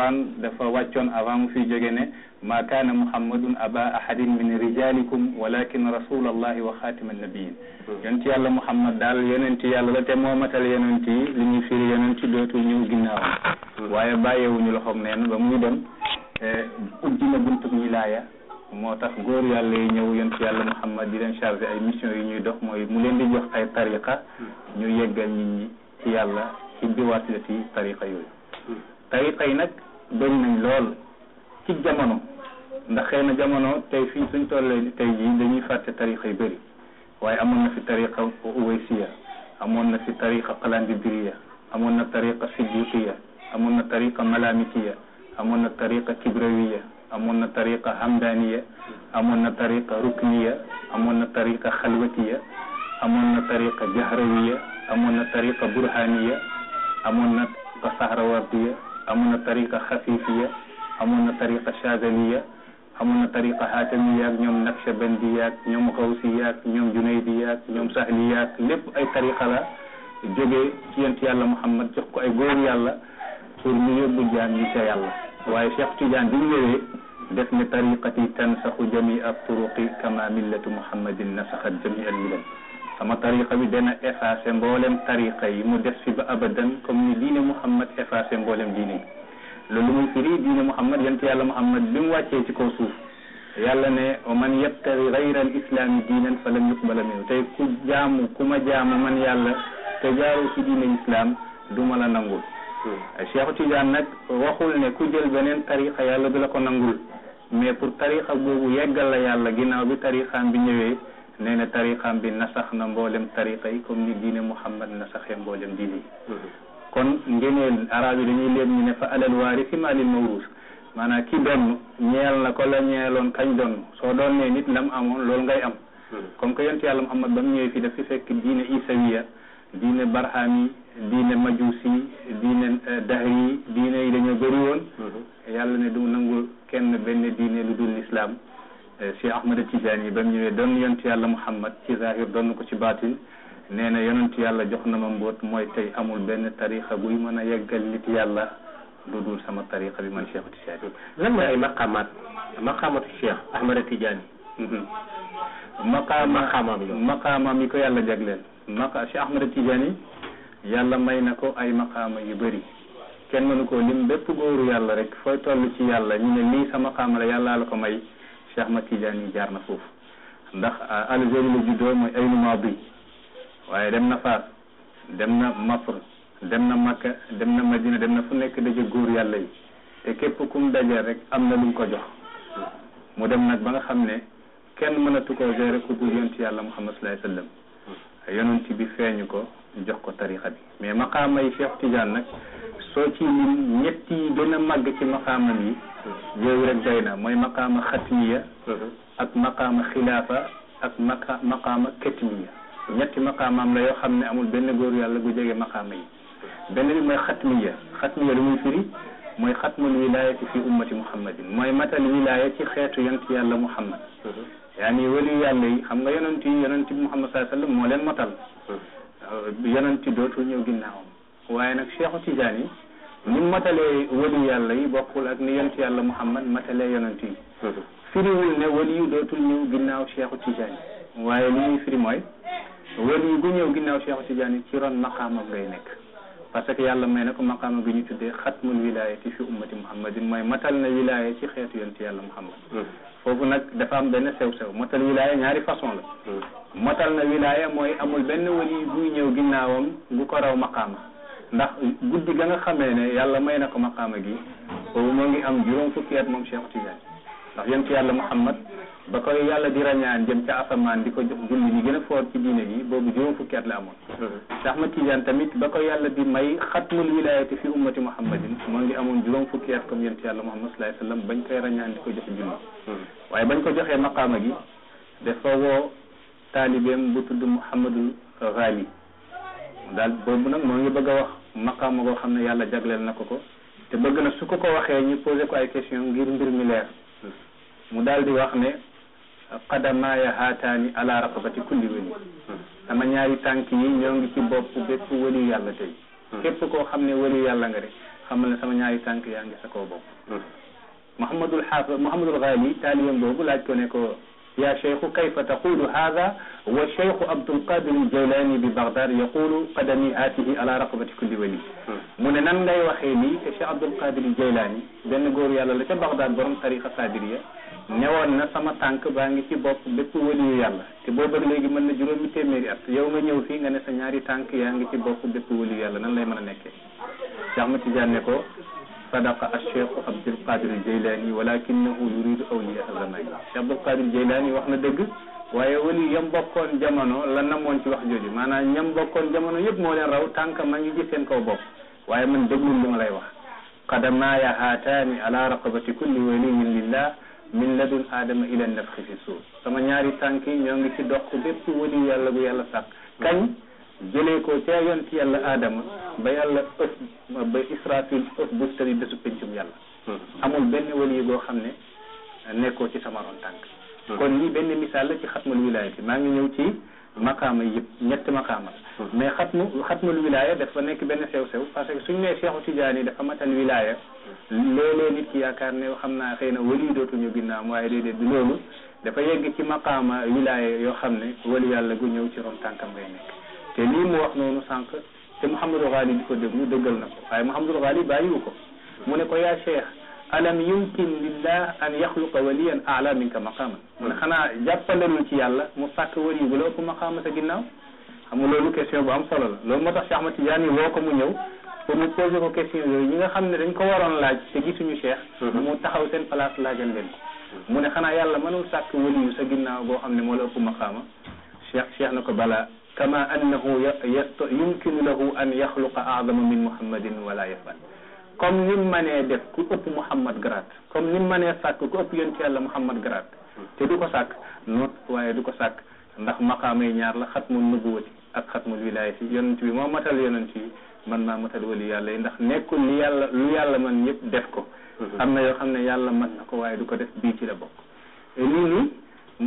alquran dafa wàccoon avant mu fi joge ne ma kaana muhammadun aba ahadin min rijalikum walakin rasulallahi wa xaatiman nabiyin yonent yàlla muhammad daal yonent yàlla la te moo matal yonent yi li ñuy firi yonent dootul ñëw ginnaawam waaye bàyyiwuñu loxoom neen ba muy dem eh, ubbi na buntub wilaaya moo tax góor yàlla yi ñëw yonent yàlla muhammad di leen chargé ay mission yi ñuy dox mooy mu leen di jox ay tariqa ñu yeggal nit ñi yàlla ci bi wasilati tariqa yi nag bëri nañ lool ci jamono ndax xëy na jamono tey fii suñ tollee tey jii dañuy fàtte tariqa yu bëri waaye amoon na fi tariqa uwaysiya amoon na fi tariqa qalandibiriya amoon na tariqa siddiqiya amoon na tariqa malamikiya amoon na tariqa kibrawiya amoon na tariqa hamdaniya amoon na tariqa rukniya amoon na tariqa xalwatiya amoon na tariqa jahrawiya amoon na tariqa burhaniya amoon na tariqa sahrawardiya أمون طريقة خفيفية أمون طريقة شاذلية أمون طريقة هاتمية نيوم نقشة بندية نيوم غوصية نيوم جنيدية نيوم سهلية لب أي طريقة لا جوجي كيان تيال الله محمد جوكو أي غور يالا سور ميوب جان نيسا يالا واي شيخ جان دينيوه دفن طريقتي تنسخ جميع الطرق كما ملة محمد نسخت جميع الملل sama tariqa bi dana effacé mboolem tariqa yi mu des fi ba abadan comme ni diine Muhammad effacé mboolem diine yi loolu muy firi diine Muhammad yonent yàlla Muhammad bi mu wàccee ci kaw suuf yàlla ne man yabtari gayra al islami diinan fa lam yuqbala minhu tey ku jaamu ku ma jaamu man yàlla te jaaroo ci diine islam du ma la nangul hmm. Cheikh Tidiane nag waxul ne ku jël beneen tariqa yàlla du la ko nangul mais pour tariqa boobu yeggal la yàlla ginnaaw bi nee na tariqaam bi nasax na mboolem tariqa yi comme ni diine Muhammad nasaxee mboolem diine yi mhm. kon ngeneel arab yi dañuy leen ñu ne fa alal waarisi maalil mawruus maanaam ki doon ñeel na ko la ñeeloon kañ doon soo doon ne nit lam amoon lool ngay am mhm. comme que yonent yàlla Muhammad ba mu ñëwee fii dafa fekk diine isawiya diine barhami diine majusi diine eh, dahri diine yi dañoo bëri woon mhm. yàlla ne du nangu kenn benn diine lu dul lislaam Cheikh Ahmada Tidiane yi ba mu ñëwee doon yontu yàlla Muhammad ci zahir doon ko ci baatin nee na yonentu yàlla jox na ma mbóot mooy tey amul benn tarixa buy mën a yeggal nit yàlla lu dul sama tarixa bi man Cheikh Tidiane lan ay maqaamaat maqaamatu Cheikh Ahmada Tidiane yi mm-hmm. maqaama maqaamaam yi maqaamaam yi ko yàlla jagleel maqa Cheikh Ahmada Tidiane yi yàlla may na ko ay maqaama yu bëri kenn mënu koo lim bépp góoru yàlla rek fooy toll ci yàlla ñu ne lii sa maqaama la yàlla la ko may Cheikh Ahmad Tidiane jaar na foofu ndax Algérie la juddoo mooy aynu maadi waaye dem na Faas dem na Masr dem na Makka dem na Madina dem na fu nekk daje góor yàlla yi te képp ku mu rek am na lu ko jox mu dem nag ba nga xam ne kenn mënatu ko gérer ku dul yonent yàlla Muhammad sallallahu alayhi wa sallam yonent bi feeñu ko jox ko tarixa bi mais maqaama Cheikh Tidiane nag soo ci lim ñett yi gën a màgg ci maqaamam yi yooyu rek doy na mooy maqaama xatmiya ak maqaama xilaafa ak maqa maqaama katmiya ñetti maqaamaam la yoo xam ne amul benn góor yàlla gu jege maqaama yi benn bi mooy xatmiya xatmiya lu muy firi mooy xatmul wilayati fi ummati muhammadin mooy matal wilaya ci xeetu yonent yàlla muhammad yaani wali yàlla yi xam nga yonent yi yonent bi muhammad saa sallam moo leen motal yonent dootul ñëw ginnaawam waaye nag cheikhu tidiane yi ni matale wali yàlla yi bokul ak ni yent yàlla Muhammad matale yonenti firi wul ne wali yu dotul ñëw ginnaw Cheikhu Tidiane waye ni firi moy wali yu gu ñëw ginnaaw Cheikhu Tidiane ci ron maqam ak lay nek parce que yàlla may na maqam bi ñu tuddé khatmul wilayati fi ummati muhammadin moy matal na wilaya ci xeetu yent yàlla muhammad fofu nak dafa am ben sew sew matal wilaya ñaari façon la matal na wilaya moy amul ben wali buy ñëw ginnawam bu ko raw maqama ndax guddi ga nga xamee ne yàlla may na ko maqaama gi boobu moo ngi am juróom fukki at moom Cheikh Tidiane ndax yéen ci yàlla Muhammad ba koy yàlla di rañaan jëm ca asamaan di ko jox julli ñi gën a foor ci diine gi boobu juróom fukki at la amoon mm-hmm. Cheikh Ahmad Tidiane tamit ba koy yàlla di may xatmul wilayati fi ummati Muhammadin moo ngi amoon juróom fukki at comme yéen ci yàlla Muhammad sallallahu alayhi wa sallam bañ koy rañaan di ko jox julli mm-hmm. waaye bañ ko joxee maqaama gi dafa woo taalibeem bu tudd Muhammadul Ghali daal boobu nag moo ngi bëgg a wax maqaama goo xam ne yàlla jagleel na ko ko te bëgg na su ko ko waxee ñu posé ko ay question ngir mbir mi leer mu daal di wax ne qadamaaya haataani ala raqabati kulli wali sama ñaari tànk yi ñoo ngi ci bopp bépp wali yàlla tey képp koo xam ne wali yàlla nga rek xamal ne sama ñaari tànk yaa ngi sa kaw bopp Mouhamadul hmm. Xaafis Mouhamadul Ghali taaliyam boobu laaj ko ne ko yaa يا شيخ كيف تقول هذا والشيخ عبد القادر الجيلاني ببغداد يقول قدمي آته على رقبة كل ولي mu ne nan ngay waxee nii te Cheikh Abdul Qadir Jeylaani benn góor yàlla la ca Bagdad borom tariqa Sadiriya newoon na sama tànk baa ngi ci bopp bépp waliyu yàlla te boo ak léegi mën na juróomi téeméeri at yow ma ñëw fii nga ne sa ñaari tànk yaa ngi ci bopp bépp waliyu yàlla nan lay mën a nekkee Cheikh Ahmad Tidiane ne ko sadaqa acheikh Abdul Qadir Jeylaani walakinahu yuridu awliya zamani Cheikh Abdul Qadir Jeylaani wax na dëgg waaye wali yam bokkoon jamono la namoon ci wax jooju maanaam ñam bokkoon jamono yëpp moo leen raw tànk ma ngi ci seen kaw bopp waaye man dëggul li ma lay wax qadamaaya haataani ala raqabati kulli waliyin lillah min ladun aadama ila nafxi fi suuf sama ñaari tànk yi ñoo ngi ci dox bépp wali yàlla bu yàlla sàkk kañ jëlee ko ca yoon ci yàlla aadama ba yàlla ba israfil ës bu tëri bésu pencum yàlla hmm. amul benn wali goo xam ne nekkoo ci sama ron tànk hmm. kon lii benn misaal la ci xatmul wilaaya maa ngi ñëw ci makaama yëpp ñetti makaama hmm. mais xatmu xatmul wilaaya dafa nekk benn sew-sew parce que suñ nee Seexu Tijaani dafa matal wilaaya léeg-léeg yaakaar ne xam naa xëy na wali dootuñu ginnaam waaye déedéet du loolu dafa yegg ci makaama wilaaya yoo xam ne wali yàlla gu ñëw ci ron tànkam ngay nekk te lii mu wax noonu sànq te Mouhamadou Ghali di ko déglu dëggal na ko waaye Mouhamadou Ghali bàyyiwu ko mu ne ko yaa cheikh alam yumkin lillah an yaxluqa waliyan ala minka maqaama mu ne xanaa jàppalelul ci yàlla mu sàkk wali bu la ëpp maqaama sa ginnaaw xam nga loolu question bu am solo la loolu moo tax Cheikh Ahmad Tidiane woo ko mu ñëw pour mu posé ko question yooyu ñi nga xam ne dañ ko waroon laaj te gisuñu cheikh mhm. mu taxaw seen place laajal leen ko mu ne xanaa yàlla mënul sàkk wali sa ginnaaw xam ne moo la cheikh cheikh na ko bala kama annahu yast yumkinu lahu an yaxluqa aadama min muhammadin wala yafal comme ni mu mënee def ku ëpp muhammad garaat comme ni mu mënee sàkk ku ëpp yonent yàlla muhammad garaat te du ko sàkk noot waaye du ko sàkk ndax maqaama yi ñaar la xatmul nubuwati ak xatmul wilaayati yonent bi moo matal yonent yi man maa matal wali yàlla yi ndax nekkul li yàlla lu yàlla man yëpp def ko mhm. am na yoo xam ne yàlla man na ko waaye du ko def bii ci la bokk lii nii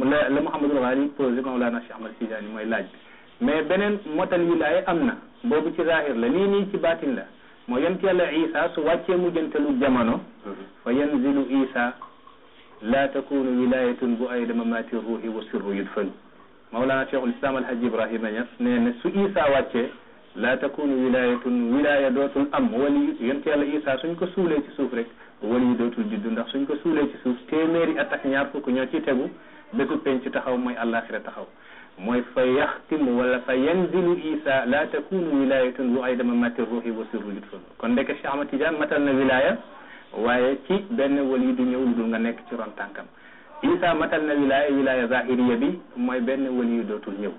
la la Mouhamadul Ghali posé Mawlana Cheikh Ahmad Tidiane mooy laaj bi mais beneen motal wilaaye am na boobu ci zahir la lii nii ci baatin la mooy yent yàlla isa su wàccee mujjantalu jamono fa yanzilu isa la takunu wilayatun bu ay dama maati ruuhi wa sirru yudfanu Mawlana Cheikhul Islam Alhaji Ibrahima Niass nee na su isa wàccee la takunu wilayatun wilaya dootul am wali yent yàlla isa suñ ko suulee ci suuf rek wali dootul juddu ndax suñ ko suulee ci suuf téeméeri at ak ñaar fukk ñoo ci tegu dëkku penc taxaw mooy àllaaxira taxaw mooy fa yaxtimu wala fa yanzilu isa la takunu wilayatun lu ay dama matti ruuxi wa sirru lutfun kon ndeke Cheikh Ahmad Tidiane matal na wilaya waaye ci benn wali du ñëw lu dul nga nekk ci ron tànkam isa matal na wilaya wilaya zahiriya bi mooy benn wali yu dootul ñëw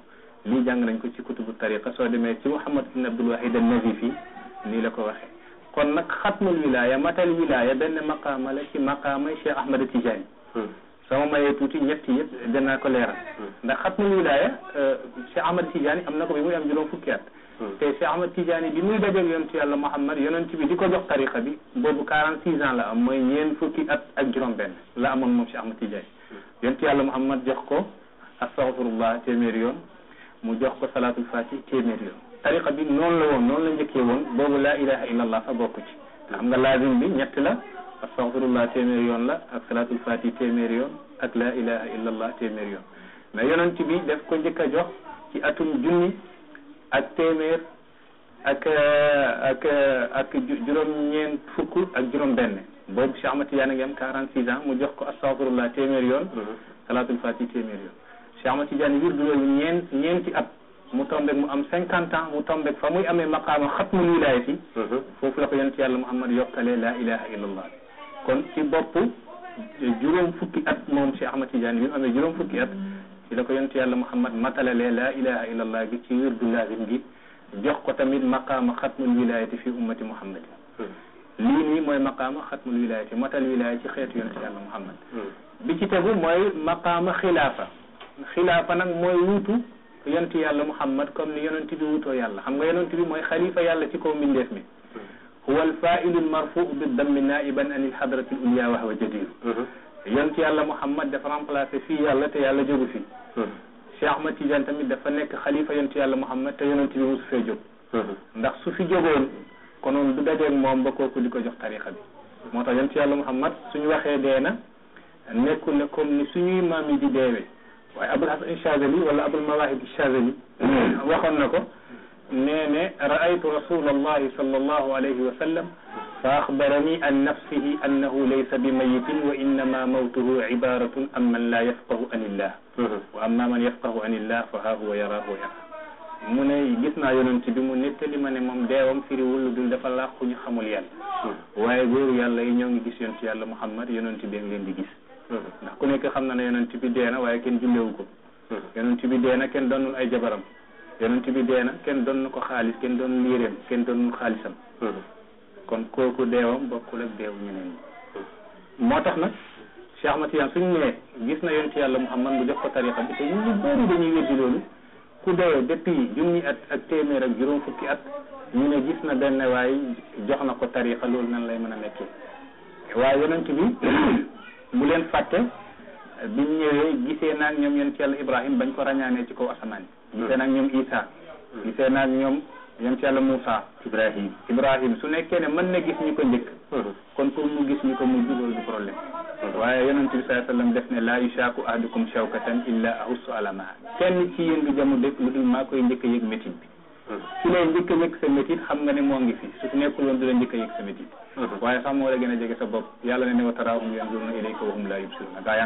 lii jàng nañ ko ci kutubu tariqa soo demee ci Muhammad ibn Abdul Wahid an-Nazifi nii la ko waxee kon nag xatmul wilaya matal wilaya benn maqaama la ci maqaamay Cheikh Ahmad Tidiane hmm. sama mayee tuuti ñett yëpp danaa ko leeral mm. ndax xatmul wilaaya euh, Cheikh Ahmad Tidiane am na ko bi muy am juróom fukki at mm. te Cheikh Ahmad Tidiane bi muy dajeeg yonentu yàlla Muhammad yonent bi di ko jox tariqa bi boobu quarante six ans la am mooy ñeen fukki at ak juróom benn la amoon moom Cheikh Ahmad Tidiane mm. yonentu yàlla Muhammad jox ko astaghfirullah téeméeri yoon mu jox ko salaatul fatih téeméeri yoon tariqa bi la woon noonu la njëkkee woon boobu laa ilaha illallah fa bokku ci xam nga laazim bi ñett la astaghfirullah te yoon la ak salaatul fatih téeméeri yoon ak la ilaha illallah temer yon mais yonent bi def ko njëkk a jox ci atum junni ak temer ak ak ak juróom-ñeent fukk ak juróom-benn boobu Cheikh Ahmad Tidiane ngi am 46 ans mu jox ko astaghfirullah téeméer yoon. salatul faati téeméer yoon. Cheikh Ahmad Tidiane du loolu ñeent ñeenti at mu tombé mu am 50 ans mu tombé fa muy amee maqaama xatmul wilaayati. foofu la ko yonent yàlla Muhammad yokkalee la ilaha illallah kon ci bopp. جروم فكي أت موم شي أن تجاني بيو أمي جروم فكي أن إذا كنت يا الله محمد أن لا إله إلا الله بيكي أن الله بيكي جوخ تميد مقام أن الولاية في أمة محمد ليني أن مقام ختم الولاية مطل الولاية أن يونس يا الله محمد بيكي أن موي مقام خلافة خلافة نك أن ووتو يونس يا الله محمد أن ني يونس تبي ووتو يا أن حمد يونس تبي موي خليفة أن الله تكو من ديفمي هو الفاعل المرفوع بالدم نائبا عن الحضرة العليا وهو جدير yonent yàlla Muhammad dafa remplacé fii yàlla te yàlla jógu fi Cheikh Ahmad Tidiane tamit dafa nekk xalifa yonent yàlla Muhammad te yonent bi mosu fee jóg ndax su fi jógoon konoon du dajeeg moom ba kooku di ko jox tarixa bi moo tax yonent yàlla Muhammad suñu waxee dee na nekkul ne comme ni suñuy maam yi di deewee waaye Abul Hasan Chazali wala Abul Mawahib Chazali waxoon na ko نانا رأيت رسول الله صلى الله عليه وسلم فأخبرني عن نفسه أنه ليس بميت وإنما موته عبارة أما لا يفقه أن الله وأما من يفقه أن الله فها هو يراه يرى موني جسنا يونتي بي من نتلي من مم ديوم فيري ولو دول دفا لا خوني خمول يال واي غور يالا نيوغي غيس يونتي الله محمد يونتي بي نلين دي غيس ndax ku nekk xam na ne yonent bi dee na waaye kenn jullewu ko mhmm. yonent bi dee na kenn doon na ko xaalis kenn doon liireem kenn doon xaalisam hmm. kon kooku deewam bokkul ak deewu ñeneen ñi hmm. moo tax nag Cheikh Ahmad Tidiane suñ ñëwee gis na yonent yàlla Muhammad mu jox ko tarixa bi te ñu ñu bëri dañuy weddi ku dee depuis junni at ak téeméer ak juróom fukki at ñu ne gis na benn waaye jox na ko tarixa loolu nan lay mën a nekkee waaye yonent bi bu leen fàtte biñ ñëwee gisee naan ñoom yonent yàlla Ibrahim bañ ko ràññaanee ci kaw asamaan gisee nag ñoom Isa gisee nag ñoom yonent yàlla Moussa Ibrahim Ibrahim su nekkee ne man na gis ñu ko njëkk kon ko mu gis ñu ko mu jubal du problème waaye yonent bi sallallahu alayhi wasallam def la laa yushaaku ahadukum shawkatan illa ahussu ala ma kenn ci yéen du jamu dëkk lu dul maa koy njëkk a yëg su lay njëkk a yëg sa métit xam nga ni moo ngi fi su fi nekkul woon du la njëkk a yëg sa métit uh-huh. waaye sax la gën a jege sa bopp yàlla ne ne wa taraahum yanzuruna yaa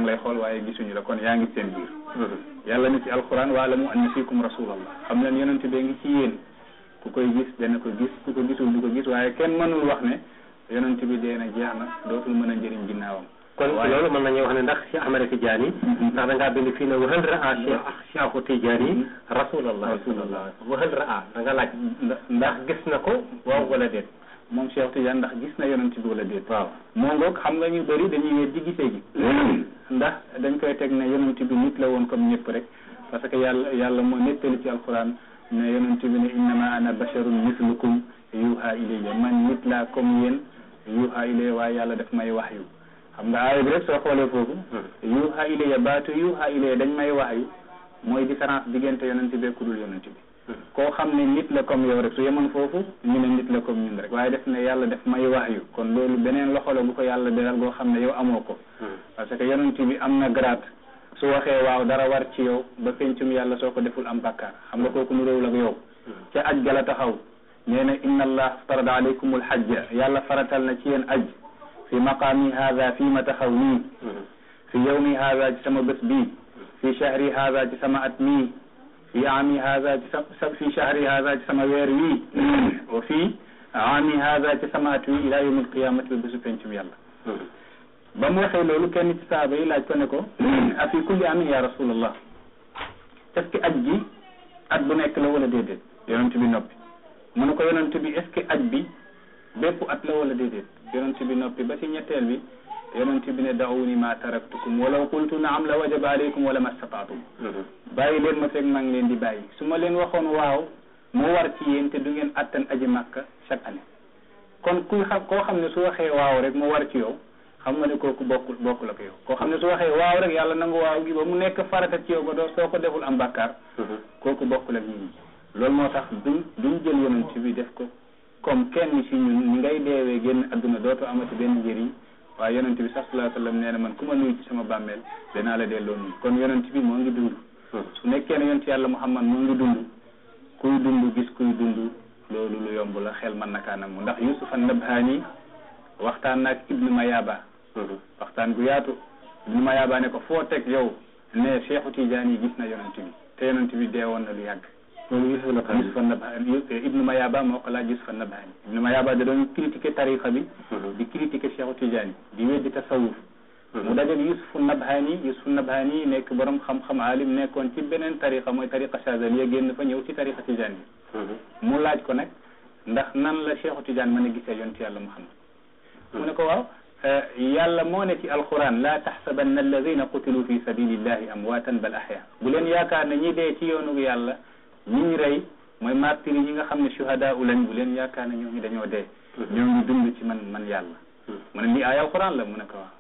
ngi lay xool waaye gisuñu la kon yaa ngi seen biir uh-huh. yàlla ne ci alquran waalamu anna fiikum rasulallah xam leen yonent bee ngi ci yéen ku koy gis dana ko gis ku ko gisul du ko gis waaye kenn mënul wax ne yonent bi dee na jeex na dootul mën a njëriñ ginnaawam kon ci loolu mën nañu wax ne ndax Cheikh Ahmed Tidiane mhm. ndax da ngaa bind fii ne waxal raa Cheikh Cheikhu Tidiane mhm. rasulallah rasulallah waxal raa da nga laaj mhm. ndax gis na ko waaw wala déet moom Cheikh Tidiane ndax gis na yonent bi wala déet waaw moo ngoog xam nga ñu bëri dañu wet di gisee ji mm. ndax dañ koy teg ne yonent bi nit la woon comme ñëpp rek parce que yàlla yàlla moo nettali ci alquran ne yonent bi ne innama ana basharun mislukum yuha ilayya man nit laa comme yéen yuha ilayya waaye yàlla daf may wax yu xam nga aaya bi rek soo xoolee foofu hmm. yuuxa ilayya baatu yuuxa ilayya dañ may wax yi mooy différence diggante yonent bi ku dul yonent bi hmm. koo xam ne nit la comme yow rek su yemoon foofu ñu ne nit la comme ñun rek waaye def ne yàlla def may wax yu kon loolu beneen loxo la bu ko yàlla beral goo xam ne yow amoo ko hmm. parce que yonent bi am na grade su waxee waaw dara war ci yow ba pencum yàlla soo ko deful am bàkkaar xam nga kooku nu réewul ak yow ca ga la taxaw nee na inna allah farada alaykumul hajja yàlla faratal na ci yéen aj في مقامي هذا فيما تخونيه في يومي هذا جسم بسبي في شهري هذا جسم أتمي في عامي هذا جسم في شهري هذا جسم ويروي وفي عامي هذا جسم أتوي إلى يوم القيامة بسوء بنتم يلا ba mu waxee loolu kenn ci saaba yi laaj ko ne ko a fi kulli ami ya rasulallah est-ce que aj gi at bu nekk la wala déedéet yonent bi noppi mu ne ko yonent bi est-ce que aj bi bépp at la wala déedéet yonent bi noppi ba ci ñetteel bi yonent bi ne daawuni ma taraktukum walaw qultu naam la wajaba aleykum wala mastataatum mhm. bàyyi leen ma fekk maa ngi leen di bàyyi su ma leen waxoon waaw moo war ci yéen te du ngeen attan aji màkka chaque année kon kuy xam koo xam ne su waxee waaw rek mu war ci yow xam nga ne kooku bokkul bokkul ak yow koo xam ne su waxee waaw rek yàlla nangu waaw gi ba mu nekk farata ci yow ba doo soo ko deful am bàkkaar mhm. kooku bokkul ak nit ñi loolu moo tax duñ duñ jël yonent bi def ko comme kenn ci ñun ni ngay deewee génn àdduna dootoo amati benn njëriñ waaye yonent bi sax sallallahu alayhi wa sallam nee na man ku ma nuyu ci sama bàmmeel danaa la delloo nuyu kon yonent bi moo ngi dund su nekkee ne yonent yàlla Muhammad moo ngi dund kuy dund gis kuy dund loolu lu yomb la xel man na kaa namm ndax Yusuf an-Nabhani waxtaan nag ak Ibnu Mayaba waxtaan gu yaatu Ibnu Mayaba ne ko foo teg yow ne Cheikhu Tidiane yi gis na yonent bi te yonent bi deewoon na lu yàgg yusuf la yusuf an-Nabhani ibnu Mayaba moo ko laaj yusuf an-Nabhani ibnu Mayaba da doon critiquer tariqa bi di critiquer Cheikhu Tidiane di weddi tasawuf mu dajal yusuf an-Nabhani yusuf an-Nabhani nekk borom xam-xam alim nekkoon ci beneen tariqa mooy tariqa Chazaliya génn fa ñëw ci tariqa Tidiane bi mu laaj ko nag ndax nan la Cheikhu Tidiane mën a gisee yonti yàlla Muhammad mu ne ko waaw yàlla moo ne ci alquran laa taxsabanna alladina qutilu fi sabilillahi amwaatan bal ahya bu leen yaakaar ne ñi dee ci yoonu yàlla ñi ñu rey mooy martyr ñi nga xam ne shuhada u lañ bu leen yaakaar na ñoo ngi dañoo dee mhm. ñoo ngi dund ci man man yàlla mhm. mu ne lii aaya alquran la mu ne ko wax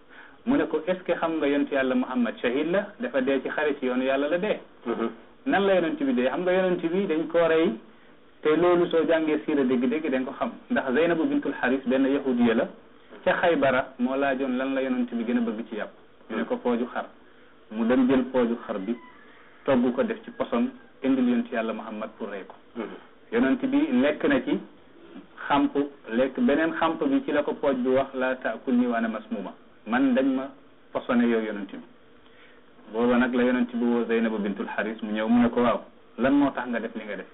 mu ne ko est-ce que xam nga yonent yàlla Muhammad shahid la dafa dee ci xare ci yoon yàlla la de mhm. nan la yonent bi dee xam nga yonent bi dañ ko rey te loolu soo jàngee siira dégg-dégg dañ ko xam ndax Zeynabu bintul Haris benn yahudiya la ca Xaybara moo laajoon lan la yonent bi gën a bëgg ci yàpp ñu ne ko pooju xar mu dem jël pooju xar bi togg ko def ci poson indil yonent yàlla mu mat pour rey ko mhm. yonent bi lekk na ci xamp lekk beneen xamp bi ci la ko pooj bi wax la taakul ni waana masmuma man dañ ma façonné yow yonent bi booba nag la yonent bi woo Zeynabu bintul Xaris mu ñëw mu ne ko lan moo tax def li def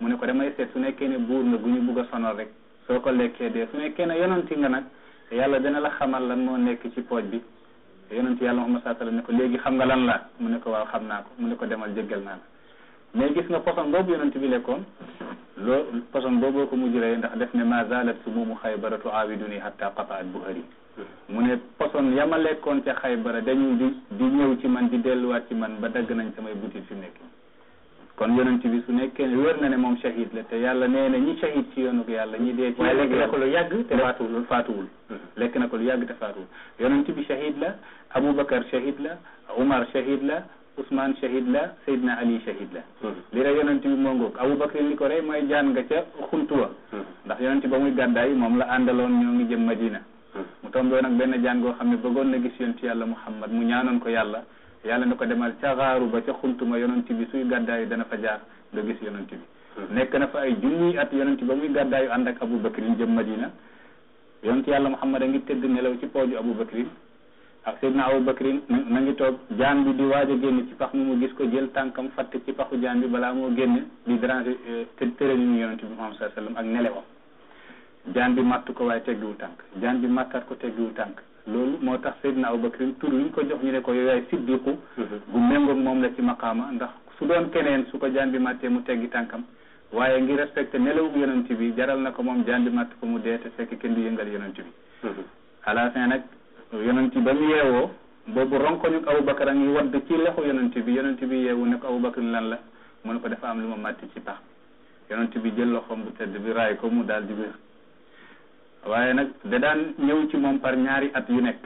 mu ne ko damay seet su nekkee ne buur nga gu ñu bugg a rek soo ko lekkee dee su nekkee ne yonent nga nag yàlla dina la xamal lan moo nekk ci pooj bi yonent yàlla Muhammad sallallahu alayhi wa ko léegi xam nga lan la mu ne ko waaw xam naa ko mu ne ko demal jéggal naa la mais gis nga poson boobu yonent bi lekkoon loo poson booboo ko mujj ndax def ne ma zalat sumumu xaybaratu aabiduni hatta qataat buhari hmm. mu ne poson ya ma lekkoon ca xaybara dañu di di ñëw ci man di delluwaat ci man ba dagg nañ samay butit fi mu nekk kon yonent bi su nekkee ne wér na ne moom shahid la te yàlla nee na ñi shahid ci yoonu yàlla ñi dee ci waaye lekk na ko faatuwul faatuwul hmm. lekk na ko lu yàgg te faatuwul yonent bi shahid la Aboubacar shahid la Umar la Ousmane shahid la Seydina Ali shahid la hmm. li rek yonent bi moo ngoog Aboubacar li ko rey mooy jaan nga ca xuntuwa hmm. ndax yonent ba muy gàddaay moom la àndaloon ñoo ngi jëm Madina hmm. mu tombé nag benn jaan goo xam ne bëggoon na gis yonent yàlla Muhammad mu ñaanoon ko yàlla yàlla na ko demal ca xaaru ba ca xuntuma yonent bi suy gàddaayu dana fa jaar nga gis yonent bi nekk na fa ay junniy at yonent ba muy gàddaayu ànd ak Aboubacar jëm Madina yonent yàlla Muhammad a ngi tëdd nelaw ci pooju Aboubacar ak Seydina aw Bakrin ma ngi toog jaan bi di waaj a génn ci pax mi mu gis ko jël tànkam fatt ci paxu jaan bi balaa moo génn di déranger euh, tërëlinu yonente bi Muhammad sallallahu alayhi ak nelewam jaan bi matt ko waaye teggiwul tànk jaan bi mattaat ko teggiwul tànk loolu moo tax Seydina Abu Bakrin tur luñ ko jox ñu ne ko yow yaay siddiqu mm-hmm. gu méngoog moom la ci maqaama ndax su doon keneen su ko jaan bi mattee mu teggi tànkam waaye ngi respecté nelawu yonente bi jaral na ko moom jaan bi ko mu dee te kenn du yëngal yonente bi mm-hmm. yonent ba mu yeewoo boobu ronkoñu Abubakar a wax wadd ci lexu yonent bi yonent bi yeewu ne ko Abubakar lan la mu ne ko dafa am lu ma màtt ci pax yonent bi jël loxoom bu tedd bi raay ko mu daal di wér waaye nag da daan ñëw ci moom par ñaari at yu nekk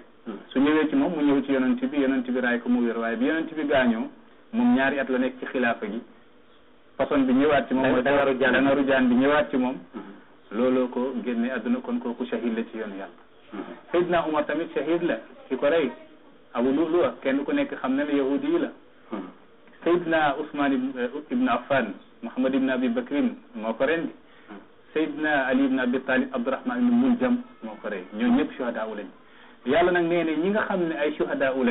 su ñëwee ci moom mu ñëw ci yonent bi yonent bi raay ko mu wér waaye bi yonent bi gaañoo moom ñaari at la nekk ci xilaafa gi façon bi ñëwaat ci moom mooy dangaru jaan bi ñëwaat ci moom mhm. looloo ko génne àdduna kon kooku shahid la ci yoonu yàlla Seydina Umar tamit shahid la ki ko rey Abu Lu'lu'a kenn ku nekk xam na ne yahudi yi la Seydina Ousmane eh, ibn Affan Muhammad ibn Abi Bakrin moo ko rendi Seydina Ali ibn Abi Talib Abdurahman ibn Muljam moo ko rey ñoo ñëpp shuhada u lañ yàlla nag nee ne xam ne ay shuhada u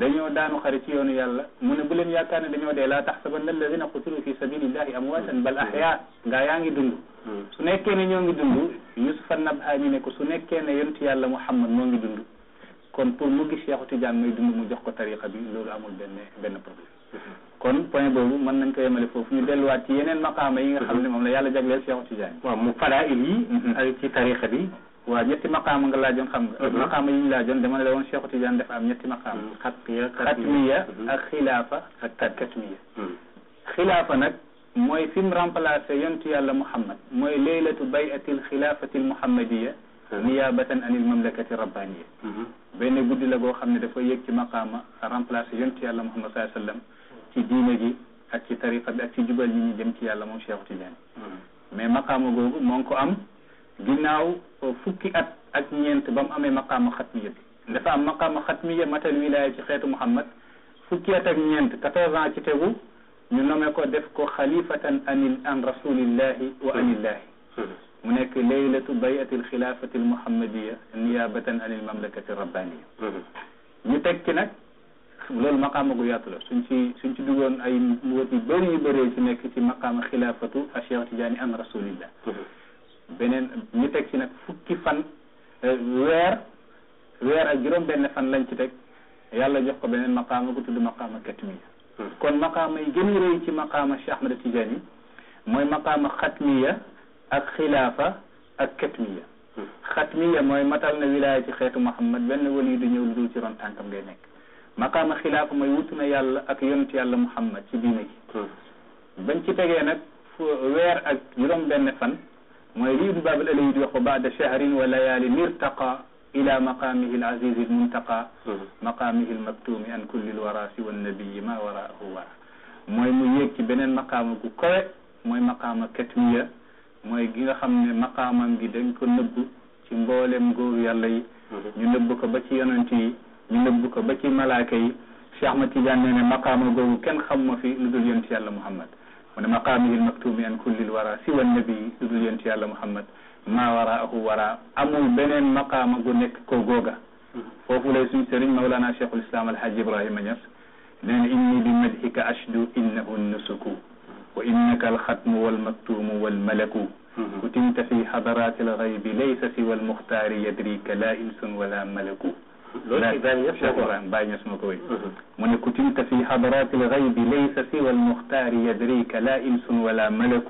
dañoo daanu xare ci yoonu yàlla mu ne bu leen yaakaar ne dañoo dee laa tax alladina qutilu fi sabilillahi amwaatan bal ahya yaa ngi dund hmm. su nekkee ni ñoo ngi dund Yusufa Nabha ñu ne ko su nekkee ne yontu yàlla Muhammad moo ngi dund kon pour mu gis Cheikhu Tidiane muy dund mu jox ko tariqa bi loolu amul benn benn problème hmm. kon point boobu mën nañ ko yemale foofu ñu delluwaat ci yeneen maqaama yi nga xam ne hmm. moom la yàlla jagleel Cheikhu Tidiane waaw mu fadail yi ci tariqa bi waaw ñetti maqaama nga laajoon xam nga maqaama yi ñu laajoon dama ne la woon Cheikh Tidiane dafa am ñetti maqaama xatmiya xatmiya ak xilaafa ak katmiya xilaafa nag mooy fi mu remplacé yontu yàlla Muhammad mooy leylatu bayatil xilaafatil muhammadiya niyabatan anil mamlakati rabbaniya benn guddi la goo xam ne dafa yëg ci maqaama remplacé yontu yàlla Muhammad saa sallam ci diine gi ak ci tariqa bi ak ci jubal ñi ñu jëm ci yàlla moom Cheikh Tidiane mais maqaama googu moo ngi ko am ginaaw fukki at ak ñeent ba mu amee maqaama xatmiya bi dafa am maqaama xatmiya matal wilaaya ci xeetu muhammad fukki at ak ñeent quatorze ans ci tegu ñu nome ko def ko xalifatan anil an rasulillahi wa anillahi mu nekk leylatu bayati alxilaafati almuhammadiya niyabatan anil mamlakati rabbaniya ñu teg ci nag loolu maqaama gu yaatu la suñ ci suñ ci dugoon ay mbóot yu bëri yu bëree ci nekk ci maqaama xilaafatu a cheikh tidiani an rasulillah beneen ñu teg ci nag fukki fan euh, weer weer ak juróom benn fan lañ ci teg yàlla jox ko beneen maqaama gu tudd maqaama katmiya hmm. kon maqaama yi gën a rëy ci maqaama Cheikh Ahmada Tidiane mooy maqaama xatmiya ak xilaafa ak katmiya hmm. xatmiya mooy matal na wilaaya ci xeetu Muhammad benn wali du ñëw lu dul ci ron tànkam ngay nekk maqaama xilaafa mooy wut na yàlla ak yonent yàlla Muhammad ci diine ji hmm. bañ ci tegee nag weer ak juróom benn fan mooy lii bu baabul alayi di wax ko baada shahrin wa layaalin irtaqa ila maqaamihi al azizi al muntaqa mm-hmm. maqaamihi al maktuumi an kulli al wara siwa nabiyi ma waraahu wara mooy mu yéeg ci beneen maqaama gu kawe mooy maqaama katmiya mooy gi nga xam ne maqaamam gi dañ ko nëbb ci mboolem góoru yàlla yi mm-hmm. ñu nëbb ko ba ci yonent yi ñu nëbb ko ba ci malaaka yi Cheikh Ahmad Tidiane nee ne maqaama googu kenn xam ma fi lu dul yonent yàlla Muhammad من مقامه المكتوب عن كل الورى سوى النبي يقول يدل ينتي الله محمد ما وراءه وراء أمو بنين مقام قنك كوغوغا فوفو ليس سرين مولانا شيخ الإسلام الحاج إبراهيم نفس لأن إني بمدحك أشد إنه النسك وإنك الختم والمكتوم والملك كنت في حضرات الغيب ليس سوى المختار يدريك لا إنس ولا ملك باين يسمطوي من كتمت في حضرات الغيب ليس سوى المختار يدريك لا إنس ولا ملك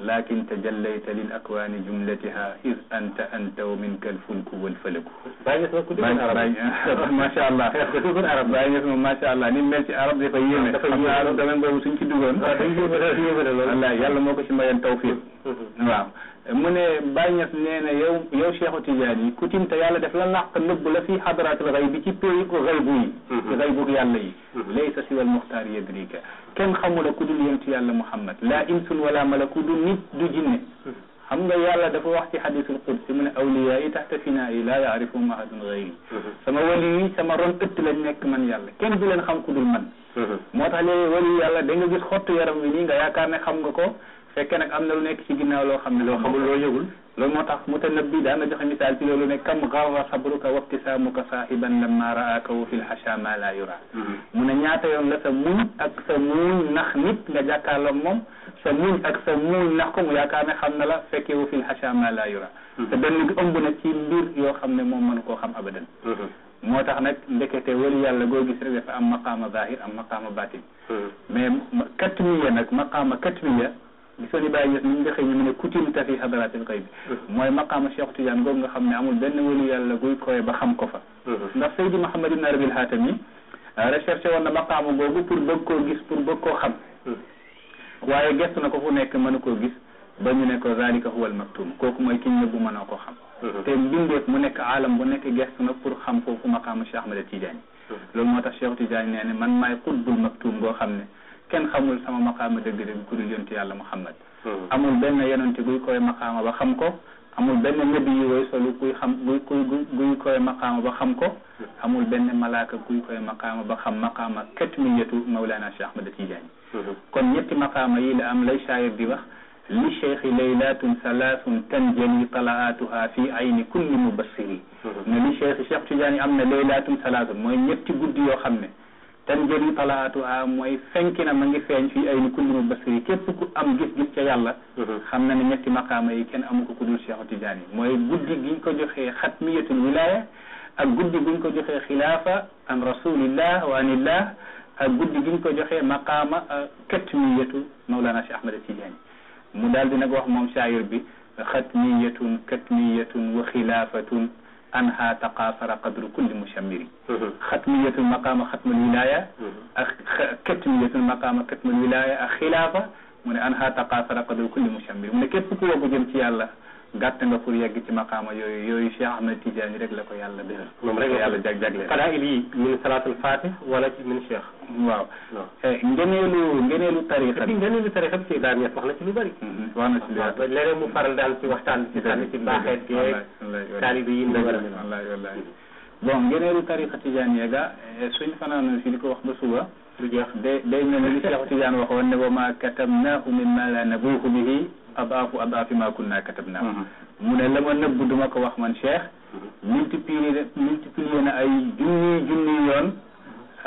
لكن تجليت للأكوان جملتها إذ أنت أنت ومنك الفلك والفلك باين يسمى كتب العرب ما شاء الله باين يسمى ما شاء الله نيم مل نعم، عرب دفا ييمه خمنا عرب دا من بو سن دوغون الله يالا موكو سي مايان توفيق واو mune ne neena yow yow cheikh tidiane ku timta yàlla def la naq neub la fi hadratul ghaib bi ci péyi xaybu yi ci xaybuk yàlla yi laysa siwal muxtaar yadrika ken xamul ko dul yent yàlla muhammad la insun wala malaku du nit du jinne xam nga yàlla dafa wax ci hadithul qudsi mune awliya yi taxta fina yi ya'rifu ma hadun gayri sama wali yi sama ron ëtt la nek man yàlla ken du len xam ku dul man motax le wali yàlla da nga gis xottu yaram wi ni nga yakarne xam nga ko fekkee nag amna lu nek ci ginnaw lo xam lo xamul lo yëgul loolu moo tax da na joxe misal ci lolu nek kam garra sabruka wabtisaamuka sahiban lamma raaka wa fil hasha ma la yura muna ne ñaata yoon la sa muñ ak sa muñ nax nit nga jàkkaarloog mom sa muñ ak sa muñ nax ko mu yaakaar xamna xam na la fekkee wa fil xacha ma la yura te ben gi ëmb na ci mbir yo xamne mom man ko xam abadan motax nak ndekete wali yàlla go gis rek dafa am maqama zahir am maqama batin mais katmiya nak maqama katmiya li soo di bàyyi gis niñ dexee ñu mu mm-hmm. nga xam ne amul benn wëlu yàlla guy ba xam ko fa mm-hmm. ndax Seydi Mouhamad Ibn Arabil Haatami yi ah, recherché woon na maqaama googu pour bëgg koo gis pour bëgg koo xam mm-hmm. waaye gestu na ko fu nekk mënu koo gis ba ñu ne ko zalika huwa al maktum kooku mooy ki ñu ko xam mu nekk alam bu nekk gestu na pour xam foofu maqaama Cheikh Ahmada Tidiane loolu moo tax Cheikh Tidiane nee ne man maay xutbul maktum boo xam ne kenn xamul sama maqaama dëgg-dëgg ku dul yonti yàlla Muhammad hmm. amul benn yonente guy koy maqaama ba xam ko amul benn nabi yu way solu kuy xam guy kuy guy koy maqaama ba xam ko amul benn malaaka guy koy maqaama ba xam maqaama katmiyatu Mawlana Cheikh da Tidiane hmm. kon ñetti maqaama yi la am lay shaayir di wax li cheikhi laylatun salaasun tanjali talaatuha fi ayni kulli mubassiri hmm. ne li cheikhi Cheikh Tidiane am na laylatun salaasun mooy ñetti guddi yoo xam ne tan jëri talaatuha mooy fenki na ma ngi feeñ fii ay ni kulli basiri képp ku am gis-gis ca yàlla mhm. xam na ne ñetti maqaama yi kenn amu ko ku dul Cheikhu Tidiane yi mooy guddi giñ ko joxee xatmiyatul wilaya ak guddi giñ ko joxee xilaafa an rasulillah wa anillah ak guddi giñ ko joxee maqaama euh, katmiyatu Mawlana Cheikh Ahmada Tidiane mu daal di nag wax moom shaayir bi xatmiyatun katmiyatun wa xilaafatun عنها تقاصر قدر كل مشمر ختمية المقام ختم الولاية كتمية المقام كتم الولاية خلافة من عنها تقاصر قدر كل مشمر من كيف كو يوغو جيم تي يالا gàtt nga pour yegg ci maqaama yooyu yooyu Cheikh Ahmed Tidiane rek la ko yàlla defal moom rek yàlla jag jagle fadail yi min salatul fatih wala ci min cheikh waaw ngeneelu ngeneelu tariqa bi ngeneelu tariqa bi ci daan wax na ci lu bari waaw léeg-léeg mu faral daal ci waxtaan ci sànni ci baaxeet geeg taalibe yi na war a mel bon ngëneelu tariqa tijaaniya ga eh, suñ fanaanoon fi di ko wax ba suba lu jeex day day mel ni li Cheikh Tidiane waxoon ne wa maa katabnaahu min maa laa nabuuhu bihi abaafu abaafi maa kunnaa katabnaahu mhm. mu ne la ma nëbb duma ko wax man Cheikh mhm. multiplier multiplier na ay junni junni yoon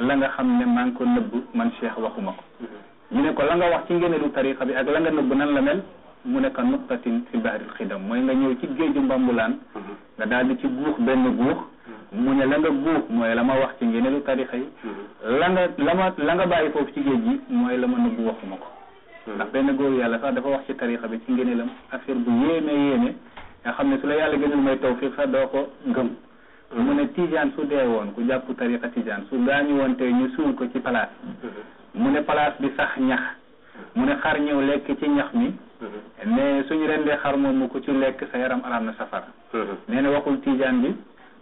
la nga xam ne maa ngi ko nëbb man Cheikh waxuma ko mhm. ñu ne ko la nga wax ci ngéneelu tariqa bi ak la nga nëbb nan la mel mu nekk nuqtatin fi bahril xidam mooy nga ñëw ci géeju mbambulaan mm-hmm. nga daal di ci guux benn guux mm-hmm. mu ne la nga guux mooy la ma wax ci ngéneelu tariqa yi mm-hmm. la nga la ma la nga bàyyi foofu ci géej gi mooy la ma nëbb waxuma ko ndax benn góor yàlla sax dafa wax ci tariqa bi ci ngéneelam affaire bu yéeme yéeme nga xam ne su la yàlla gënal may tawfiq sax doo ko gëm mu ne tijaan su dee woon ku jàpp tariqa tijaan su gaañu woon tey ñu suul ko ci place mu ne place bi sax ñax mu ne xar ñëw lekk ci ñax mi mm-hmm. mais suñu rendee xar moom mu ko ci lekk sa yaram alam na safara mm-hmm. nee na waxul tiijan bi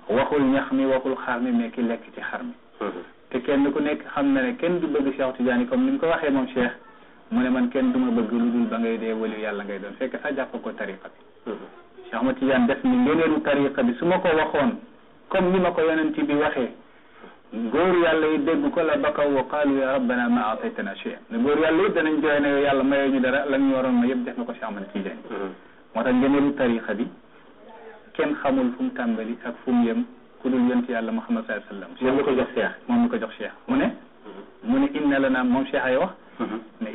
waxul ñax mi waxul xar mi mais ki lekk ci xar mi mm-hmm. te kenn ku nekk xam na ne kenn du bëgg Cheikh yi comme ni mu ko waxee moom Cheikh mu ne man kenn duma bëgg lu dul ba ngay dee wali yàlla ngay doon fekk sax jàpp ko tariqa bi Cheikh ma Tidiane def ni ngëneelu tariqa bi su ma ko waxoon comme ni ma ko yonent bi نقول يا اللي يدب كل بقى وقالوا يا ربنا ما أعطيتنا شيء نقول يا اللي يدنا نجوا هنا يا الله ما يجي درا لن يورم ما يبدأ نقش عمل في جاي ما تنجني التاريخ دي كم خمول فم تنبلي أكفم يم كل يوم في الله محمد صلى الله عليه وسلم ما مكو جخشيا ما مكو جخشيا منه منه إن لنا ممشي هايوه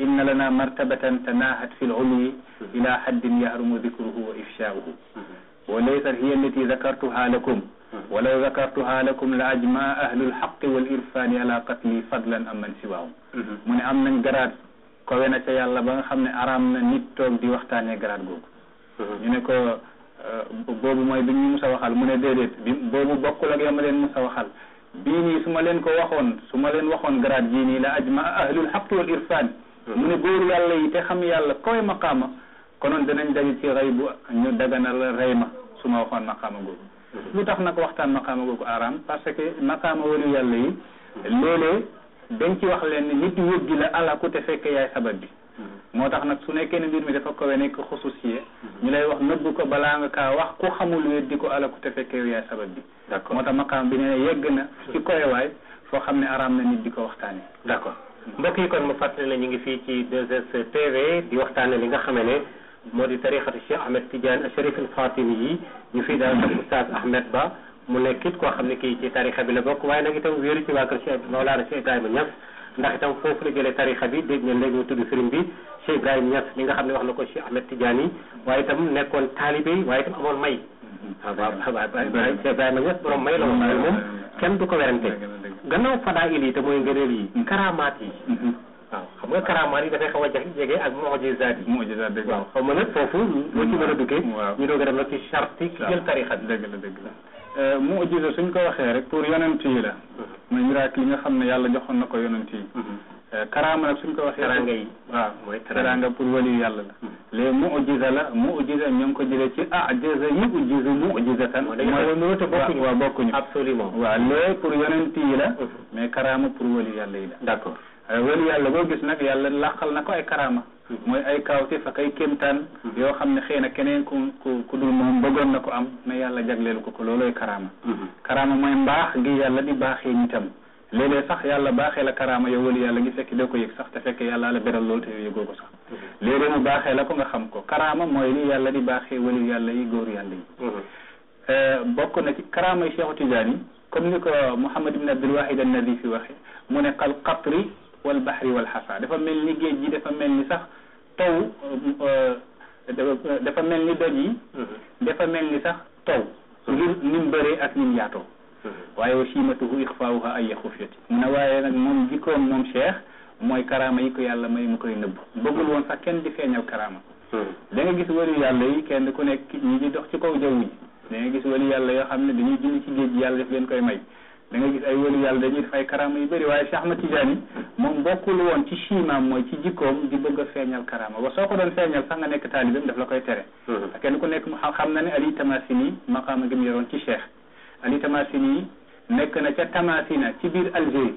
إن لنا مرتبة تناهت في العلي إلى حد يهرم ذكره وإفشاؤه وليست هي التي ذكرتها لكم ولو ذكرتها لكم لاجمع اهل الحق والارفان على قتلي فضلا اما من سواهم من امن جراد كوينا سي الله با خامني ارام نيت توك دي واختاني جراد غوك ني نكو آه، بوبو موي بي موسى واخال من ديديت بوبو بوكو لاك يام لين موسى واخال بي ني سوما لين كو واخون سوما لين واخون جراد جي ني لاجمع اهل الحق والارفان من غور يالله تي خام يالله كوي مقامه konoon danañ daje ci ray bu ñu la rey ma su ma waxoon maqaama googu lu tax nag waxtaan maqaama googu araam parce que maqaama wëlu yàlla yi léeg-léeg dañ ci wax leen ni nit wëg gi la alaku te fekk yaay sabab bi moo tax nag su nekkee ne mbir mi dafa kowe nekk xususiye ñu lay wax nëbb ko balaa nga kaa wax ku xamul weddi ko alaku te fekk yow yaay sabab bi d'accord moo tax maqaama bi nee yegg na ci kowewaay foo xam ne araam na nit di ko waxtaan d'accord mbokk yi kon mu ñu ngi fii ci 2STV di waxtaane li moo di tarixatu Cheikh Ahmed Tidiane al Sharif al Fatimi yi ñu fii daal ak oustaz Ahmed Ba mu nekk it koo xam ne kii ci tarixa bi la bokk waaye nag itam wéeru ci waa kër Cheikh Mawlana Cheikh Ibrahima Niass ndax itam foofu la jëlee tarixa bi dégg ngeen léegi mu tudd firim bi Cheikh Ibrahima Niass li nga xam ne wax na ko Cheikh Ahmed Tidiane yi waaye itam nekkoon taalibe yi waaye itam amoon may mm-hmm. ah, waaw waaw Cheikh Ibrahima Niass borom may la moom moom kenn du ko werante mm-hmm. gannaaw fadail waaw xam nga karaama yi dafay xaw a jafe jege ak yi. mojizaat dëgg waaw xaw ma nag foofu. loo ci mën a a dem nag ci charte ki la dëgg la euh, mujiza suñ ko waxee rek pour yonent yi la. mooy mm-hmm. miracle yi xam ne yàlla joxoon na ko yonent yi. Mm-hmm. Euh, karaama nag suñ ko waxee. teraanga yi waaw mooy teraanga pour wali yàlla la. Mm-hmm. les mujiza la mujiza ñoo ngi ko jëlee ci ah ajaza yujiza mujizatan. mooy dañu ko doon bokkuñu waaw bokkuñu. absolument waaw lee pour yonent yi la. mais karaama pour wali yàlla yi la. d'accord. Euh, wali yàlla boo gis nag yàlla làqal na ko ay karaama mm-hmm. mooy ay kaw kawti fa kay kéemtaan mm-hmm. yoo xam ne xëy na keneen ku ku du moom bëggoon na ko am na yàlla jagleelu ko ko loolooy karaama mm-hmm. karaama mooy mbaax gi yàlla di baaxee nitam léeg-léeg sax yàlla baaxee la karaama yow wali yàlla gi fekk doo ko yëg sax te fekk yàlla la beral lool te yow yëgoo ko sax léeg mu baaxee la ko nga xam ko karaama mooy li yàlla di baaxee wali yàlla yi góor yàlla yi euh, bokk na ci karaama yi Cheikhu Tidiane yi comme ni ko Mouhamad ibn Abdul Wahid an-Nadifi waxe ne qal qatri wal baxri wal xasa dafa mel ni géej gi dafa mel ni sax taw dafa mel ni doj yi dafa mel ni sax taw ngir ni mu bëree ak ni mu yaatoo waaye wa siimatuhu ixfaawuha ay yaxufyati mu ne waaye nag moom jikkoom moom cheikh mooy karaama yi ko yàlla may mu koy nëbb bëggul woon sax kenn di feeñal karaama da nga gis wëlu yàlla yi kenn ku nekk ñi di dox ci kaw jaww ji da nga gis wëlu yàlla yoo xam ne dañuy julli ci géej gi yàlla daf leen koy may da gis ay wëlu yàlla dañuy def ay karama yu bëri waaye Cheikh Ahmad Tidiane moom bokkul woon ci chimaam mooy ci jikkoom di bëgg feeñal karama ba soo ko doon feeñal sax nga nekk taalibeem daf la koy tere mm-hmm. kenn ku nekk mu xam na ne Ali Tamasini maqaama gi mu yoroon ci Cheikh Ali Tamasini nekk na ca Tamasina ci biir Algérie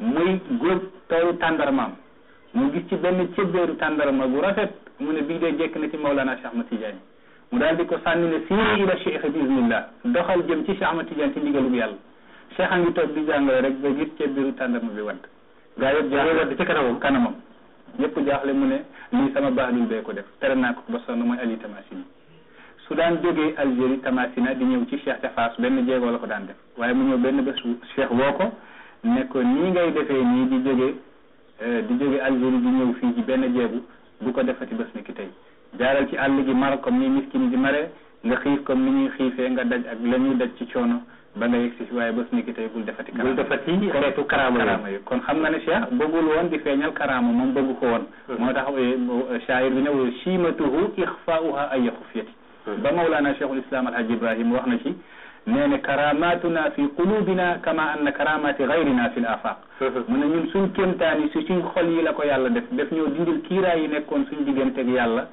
muy góob toolu tàndarmaam mu gis ci benn cëbbeeru tàndarma gu rafet mu ne bii dee jekk na ci Mawlana Cheikh Ahmad Tidiane mu daal di ko sànni ne sii ila cheikh bismillah doxal jëm ci Cheikh Ahmad Tidiane ci ndigalu yàlla Cheikh a ngi toog di jàngale rek ba gis ca biiru tàndarma bi wadd gaa yëpp jaaxle wadd ci kanamam kanamam ñëpp jaaxle mu ne lii sama baax lu bee ko def tere naa ko ba sonn mooy ali tamasina su daan jógee Algérie tamasina di ñëw ci Cheikh ca Faas benn jéego la ko daan def waaye mu ñëw benn bés seex woo ko ne ko nii ngay defee nii di jógee euh, di jóge Algérie di ñëw fii ci benn jeegu bu ko defati bés ni ki tey jaaral ci àll gi mar comme ni miskin di mare nga xiif comme ni ñuy nga daj ak la ñuy daj ci coono ba nga yegg si waaye bés ni ki tey bul defati karaama bul defati xeetu karaama yi kon xam nga ne Cheikh bëggul woon di feeñal karaama moom bëggu ko woon moo tax shaayir bi new chiimatuhu ixfaauha ay xufyati ba Mawlana Cheikhul Islam Alhaji Ibrahim wax na ci nee ne karamatuna fi qulubina kama anna karamati gayrina fi l afaq mu ne ñun suñ kémtaan yi su suñ xol yi la ko yàlla def def ñoo dindil kiiraa yi nekkoon suñ digganteeg yàlla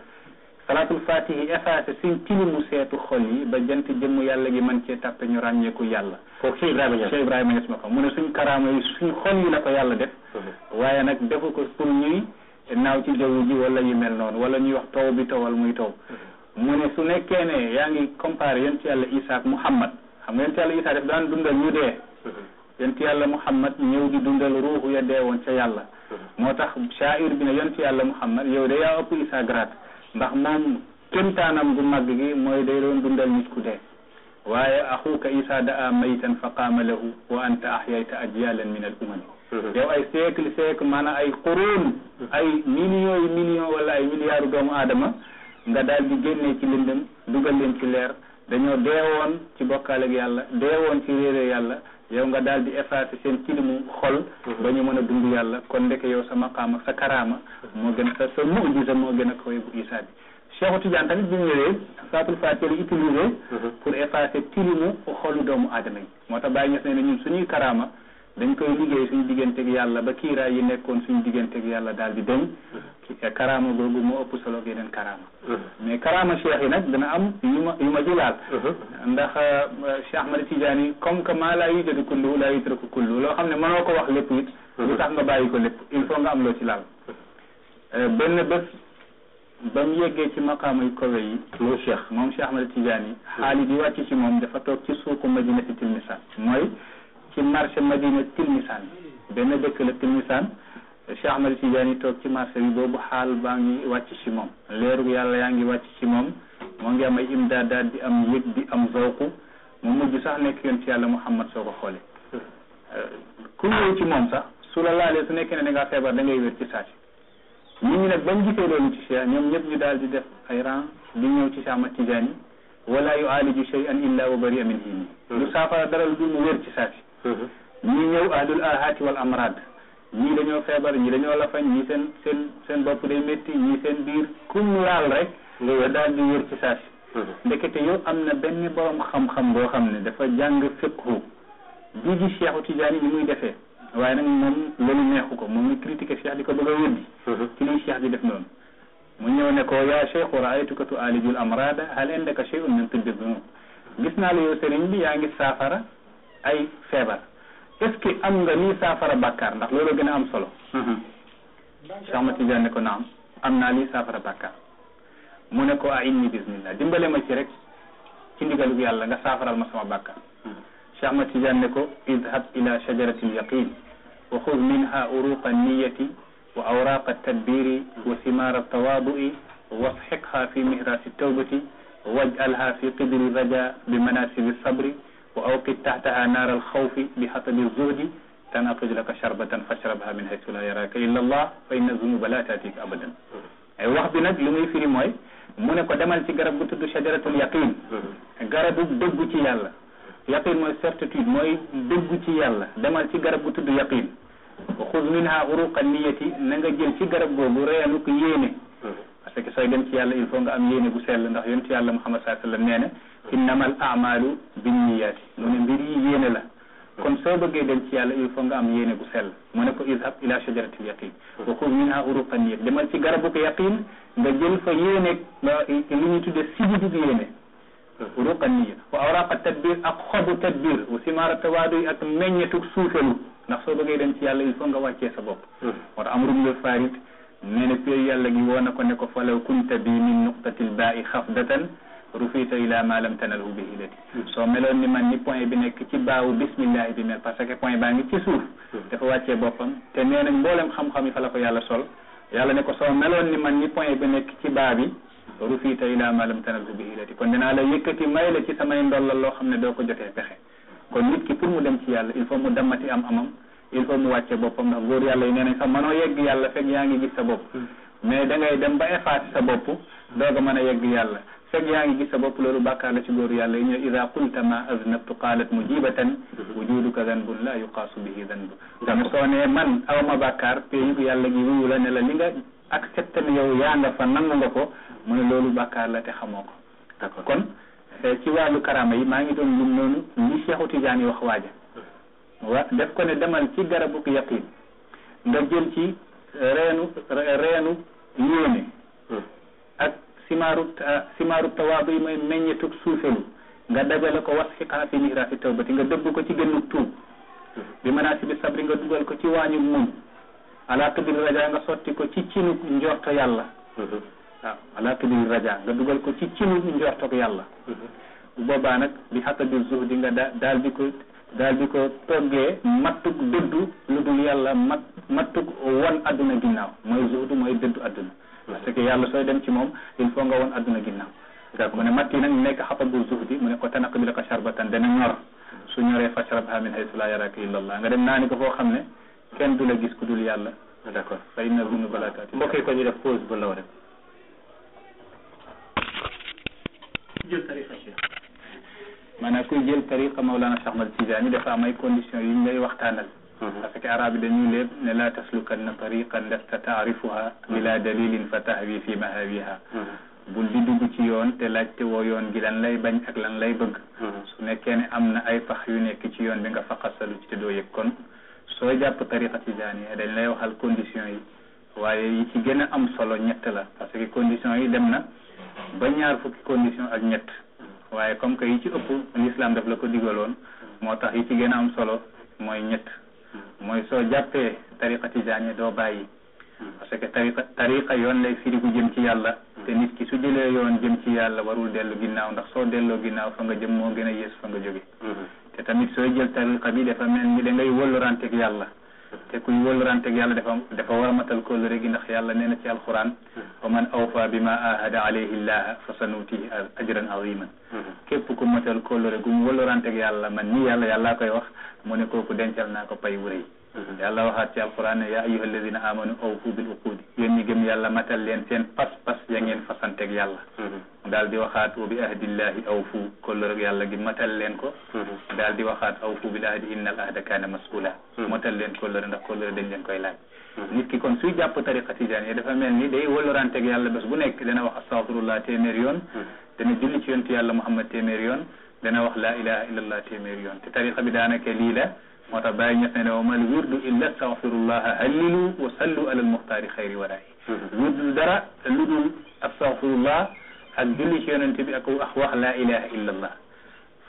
salaatul fatihi effacé sin tilimu seetu xol yi ba jant jëmm yàlla gi man cee tàppe ñu ràññeeku yàlla foofu Cheikh Ibrahima Niass Cheikh Ibrahima Niass ma ko mu ne suñ karaama yi suñ xol yi la ko yàlla def waaye nag defu ko pour ñuy naaw ci jaww ji wala yu mel noonu wala ñuy wax taw bi tawal muy taw mu ne su nekkee ne yaa ngi comparé yent yàlla Isa ak Muhammad xam nga yent yàlla Isa def daan dundal ñu dee yent yàlla Muhammad ñëw di dundal ruuxu ya deewoon ca yàlla moo tax shaa'ir bi ne yent yàlla Muhammad yow de yaa ëpp Isa grade ndax moom kémtaanam gu mag gi mooy day doon dundal nit ku dee waaye axuka isa daa maytan fa qaama lahu wa anta axyayta ajyalan min al umami mhm. yow ay siècle siècle maanaam ay quruun ay millions yi millions wala ay milliards doomu aadama nga daal di génnee ci lindam dugal leen ci leer dañoo deewoon ci bokkaal ak yàlla deewoon ci réere yàlla yow nga daal di effacer seen kilimu xol mhm. ba ñu mën a dund yàlla kon ndeke yow sa maqaama sa karaama moo gën sa sa moo gën a kawe bu Isaa bi Cheikhu Tidiane tamit bi ñu ñëwee Fatul Fatiha la utiliser mhm. pour effacer kilimu xolu doomu aadama yi moo tax bàyyi ñes ne ne ñun suñuy karaama dañ koy liggéey suñu digganteeg yàlla ba kiiraay yi nekkoon suñu digganteeg yàlla daal di deñ mm-hmm. karaama googu moo ëpp solo yeneen karaama mm-hmm. mais karaama cheikh yi nag dana am yu ma yu ma laal mm-hmm. ndax euh, Cheikh Ahmad Tidiane comme que maa laa yujadu kullu laa yutraku kullu loo xam ne mënoo ko wax lépp it lu tax nga bàyyi ko lépp il faut nga am loo ci laal euh, benn bés ba mu yeggee ci maqaama yu kawe yi moom cheikh moom Cheikh Ahmad Tidiane yi xaalis yi wàcc ci moom dafa toog ci suuku ma ci marché Madina Tilmisaan benn dëkk la Tilmisaan Cheikh Ahmad Tidiane toog ci marché bi boobu xaal baa ngi wàcc ci moom leeru yàlla yaa ngi wàcc ci moom moo ngi am ay imdaadaat di am yëg bi am zawqu mu mujj sax nekk yoon ci yàlla Muhammad soo ko xoolee ku ñëw ci moom sax su la laalee su nekkee ne da ngaa feebar da ngay wér ci saa si nit ñi nag bañ gisee loolu ci Cheikh ñoom ñëpp ñu daal di def ay rang di ñëw ci wa bari amin hini hmm. lu saafara dara lu mu wér ci saa Mm-hmm. ñii ñëw ahlul ahati wal amrad ñii dañoo feebar ñii dañoo lafañ ñii seen seen bopp day métti ñii seen biir kum laal rek nga daal di wër ci saasi mm-hmm. ndekete yow am na benn borom xam-xam boo xam ne dafa jàng fiqhu ji gi Cheikhu Tidiane ni muy defee waaye nag moom loolu neexu ko moom muy critiqué Cheikh di ko bëgg a wëddi mm-hmm. ci liy Cheikh di def noonu mu ñëw ne ko yaa cheikhu raaytuka tu alijul amrada hal indaka cheyun min tibbi dunub gis naa la yow sëriñ bi ay feebar est ce que am nga lii saafara bàkkaar ndax loolu gën a am solo Cheikh Ahmad Tidiane ne ko naam am naa lii saafara bàkkaar mu ne ko a inni bismillah dimbale ma ci rek ci ndigalu yàlla nga saafaral ma sama bàkkaar Cheikh Ahmad Tidiane ne ko idhab ila shajarati lyaqin wa xud minha uruqa niyati wa awraqa tadbiri wa simara tawadui wasxiqha fi mihrasi tawbati waj'alha fi qidri raja bi manasibi sabri وأوقد تحت آنار الخوف بحطب الزهد تناقض لك شربة فاشربها من حيث لا يراك إلا الله فإن الذنوب لا تأتيك أبدا أي واحد نك لمي في رموي من قدام السجارة بتو شجرة اليقين جرب دب يلا يقين موي سيرتيتود موي دب يلا دمال سجارة بتو يقين وخذ منها عروق النية نجا جيل سجارة بوبو ريانوك يينه parce que soy dem ci yalla il faut nga am yene bu sel innamal amalu binniyaati mu ne mbir yi yéene la kon soo bëggee dem ci yàlla il faut nga am yéene bu sell mu ne ko izhab ila shajaratil yaqin hmm. wa xud minha demal ci garabu ko yaqin nga jël fa yéene li ñuy tudde sibidu yéene hmm. uruqan niyat wa awraqa tadbir ak xobu tadbir wa simaara tawaaduy ak meññetug suufelu ndax soo bëggee dem ci yàlla il faut nga wàccee sa bopp hmm. moo tax amrum le farit nee yàlla gi woo na ko ne ko falaw kunta bi min nuqtatil baa'i rufita ila ma lam tanalhu bi ilati soo meloon ni man ni point bi nekk ci baawu bismillah bi mel parce que point baa ngi ci suuf dafa wàccee boppam te nee mboolem xam-xam yi fa la ko yàlla sol yàlla ne ko soo meloon ni man ni point bi nekk ci baa bi rufita ila ma lam tanalhu bi kon dinaa la yëkkati may la ci samay ndollal loo xam ne doo ko jotee pexe kon nit ki pour mu dem ci yàlla il faut mu dammati am amam il faut mu wàcce boppam ndax góor yàlla yi nee nañ sax mënoo yegg yàlla yaa ngi gis sa bopp hmm. mais da ngay dem ba effacer sa bopp dooga mën a fekk yaa ngi gis sa bopp loolu bàkkaar la ci góoru yàlla yi ñu ne ida qulta ma aznabtu qaalat mujibatan wujuduka danbun la yuqaasu bihi danbu ndax soo ma bàkkaar péeyug yàlla gi wuyu la ne la li nga accepté ne yaa nga fa nangu nga ko mu ne loolu bàkkaar la te xamoo ko kon eh, ci wàllu karama yi maa ngi doon lim noonu li Cheikhu Tidiane wax waaja wa def ko ne demal ci garabu yaqin nga jël ci reenu reenu yéene hmm. ak simaarub ah, simaarub tawaadu mooy meññetug suufelu nga dajale ko was xiqaa fi nihraafi nga dëbb ko ci gënnug tuub bi manaasibi sabri nga dugal ko ci waañu muñ ala kabiri raja nga sotti ko ci cinug njorto yàlla waaw ala kabiri raja nga dugal ko ci cinug njortog yàlla bu boobaa nag bi xaqa bi zuhdi da daal ko daal di ko toggee mattug dëddu lu dul yàlla mat mattug won adduna ginnaaw mooy zuhdu mooy dëddu adduna parce que yàlla sooy dem ci moom il faut nga woon adduna ginnaaw d'accord mu ne matt yi nag nekk xatabul zuhdi mu ne ko tanaq bi la ko charbatan dana ñor su ñoree fashrabha min haythu la yaraka illa allah nga dem naa ni ko foo xam ne kenn du la gis ku dul yàlla d'accord fa inna zunuba la taati ko ñu def pause bu law rek jël tariqa maanaam kuy jël tariqa Mawlana Cheikh Ahmad Tidiane dafa am ay conditions yu ñu lay waxtaanal parce que arabe dañi leb ne la taslukanna tariqan lasta taarifuha bila dalilin fatahwi fi mahawiha bu li dugg ci yoon te laajte woo yoon gi lan lay bañ ak lan lay bëgg su nekkee ne am na ay pax yu nekk ci yoon bi nga faqasalu ci te doo yëg kon sooy jàpp tariqati tijaaniya dañ lay waxal condition yi waaye yi ci gën a am solo ñett la parce que condition yi dem na ba ñaar fukki condition ak ñett waaye comme que yi ci ëpp l'islam daf la ko digaloon moo tax yi ci gën a am solo mooy ñett mooy soo jàppee tariqa tijaani doo bàyyi parce que tariqa tariqa yoon lay firi ku jëm ci yàlla te nit ki su jëlee yoon jëm ci yàlla warul dellu ginnaaw ndax soo delloo ginnaaw fa nga jëm moo gën a yées fa nga jóge mm-hmm. te tamit soo jël tariqa bi dafa mel ni da ngay wëlluranteeg yàlla te kuy ak yàlla dafa dafa war a matal kóllëre gi ndax yàlla nee na ci alquran wa man awfa bi ma ahada alayhi llaah fa sanutihi ajran aziman képp ku matal kóllëre gu mu ak yàlla man nii yàlla yàlla koy wax mu ne kooku dencal naa ko pay wuréy yàlla waxaat ci alquran ne yaa ayuha alladina amanu awfu bil uquudi yéen ñi gëm yàlla matal leen seen pas pas ya ngeen fasante ak yàlla dal di waxaat wa bi llahi awfu kol rek yàlla gi matal leen ko dal di waxaat awfu bil ahdi inna al ahda kana mas'ula matal leen rek ndax kol rek dañ leen koy laaj nit ki kon suy jàpp tariqa tijaan yi dafa mel ni day ak yàlla bés bu nekk dana wax astaghfirullah téeméer yoon dana julli ci yontu yàlla muhammad téeméer yoon dana wax la ilaha illa allah téeméer yoon te tariqa bi daanaka lii la moo tax bàyyi ñet ne ne wa mal wirdu illa astaghfirullah halilu wa sallu ala almuxtaari xayri warayi wirdu dara lu astaghfirullah ak julli ci yonent bi ak wax wax la ilaha illallah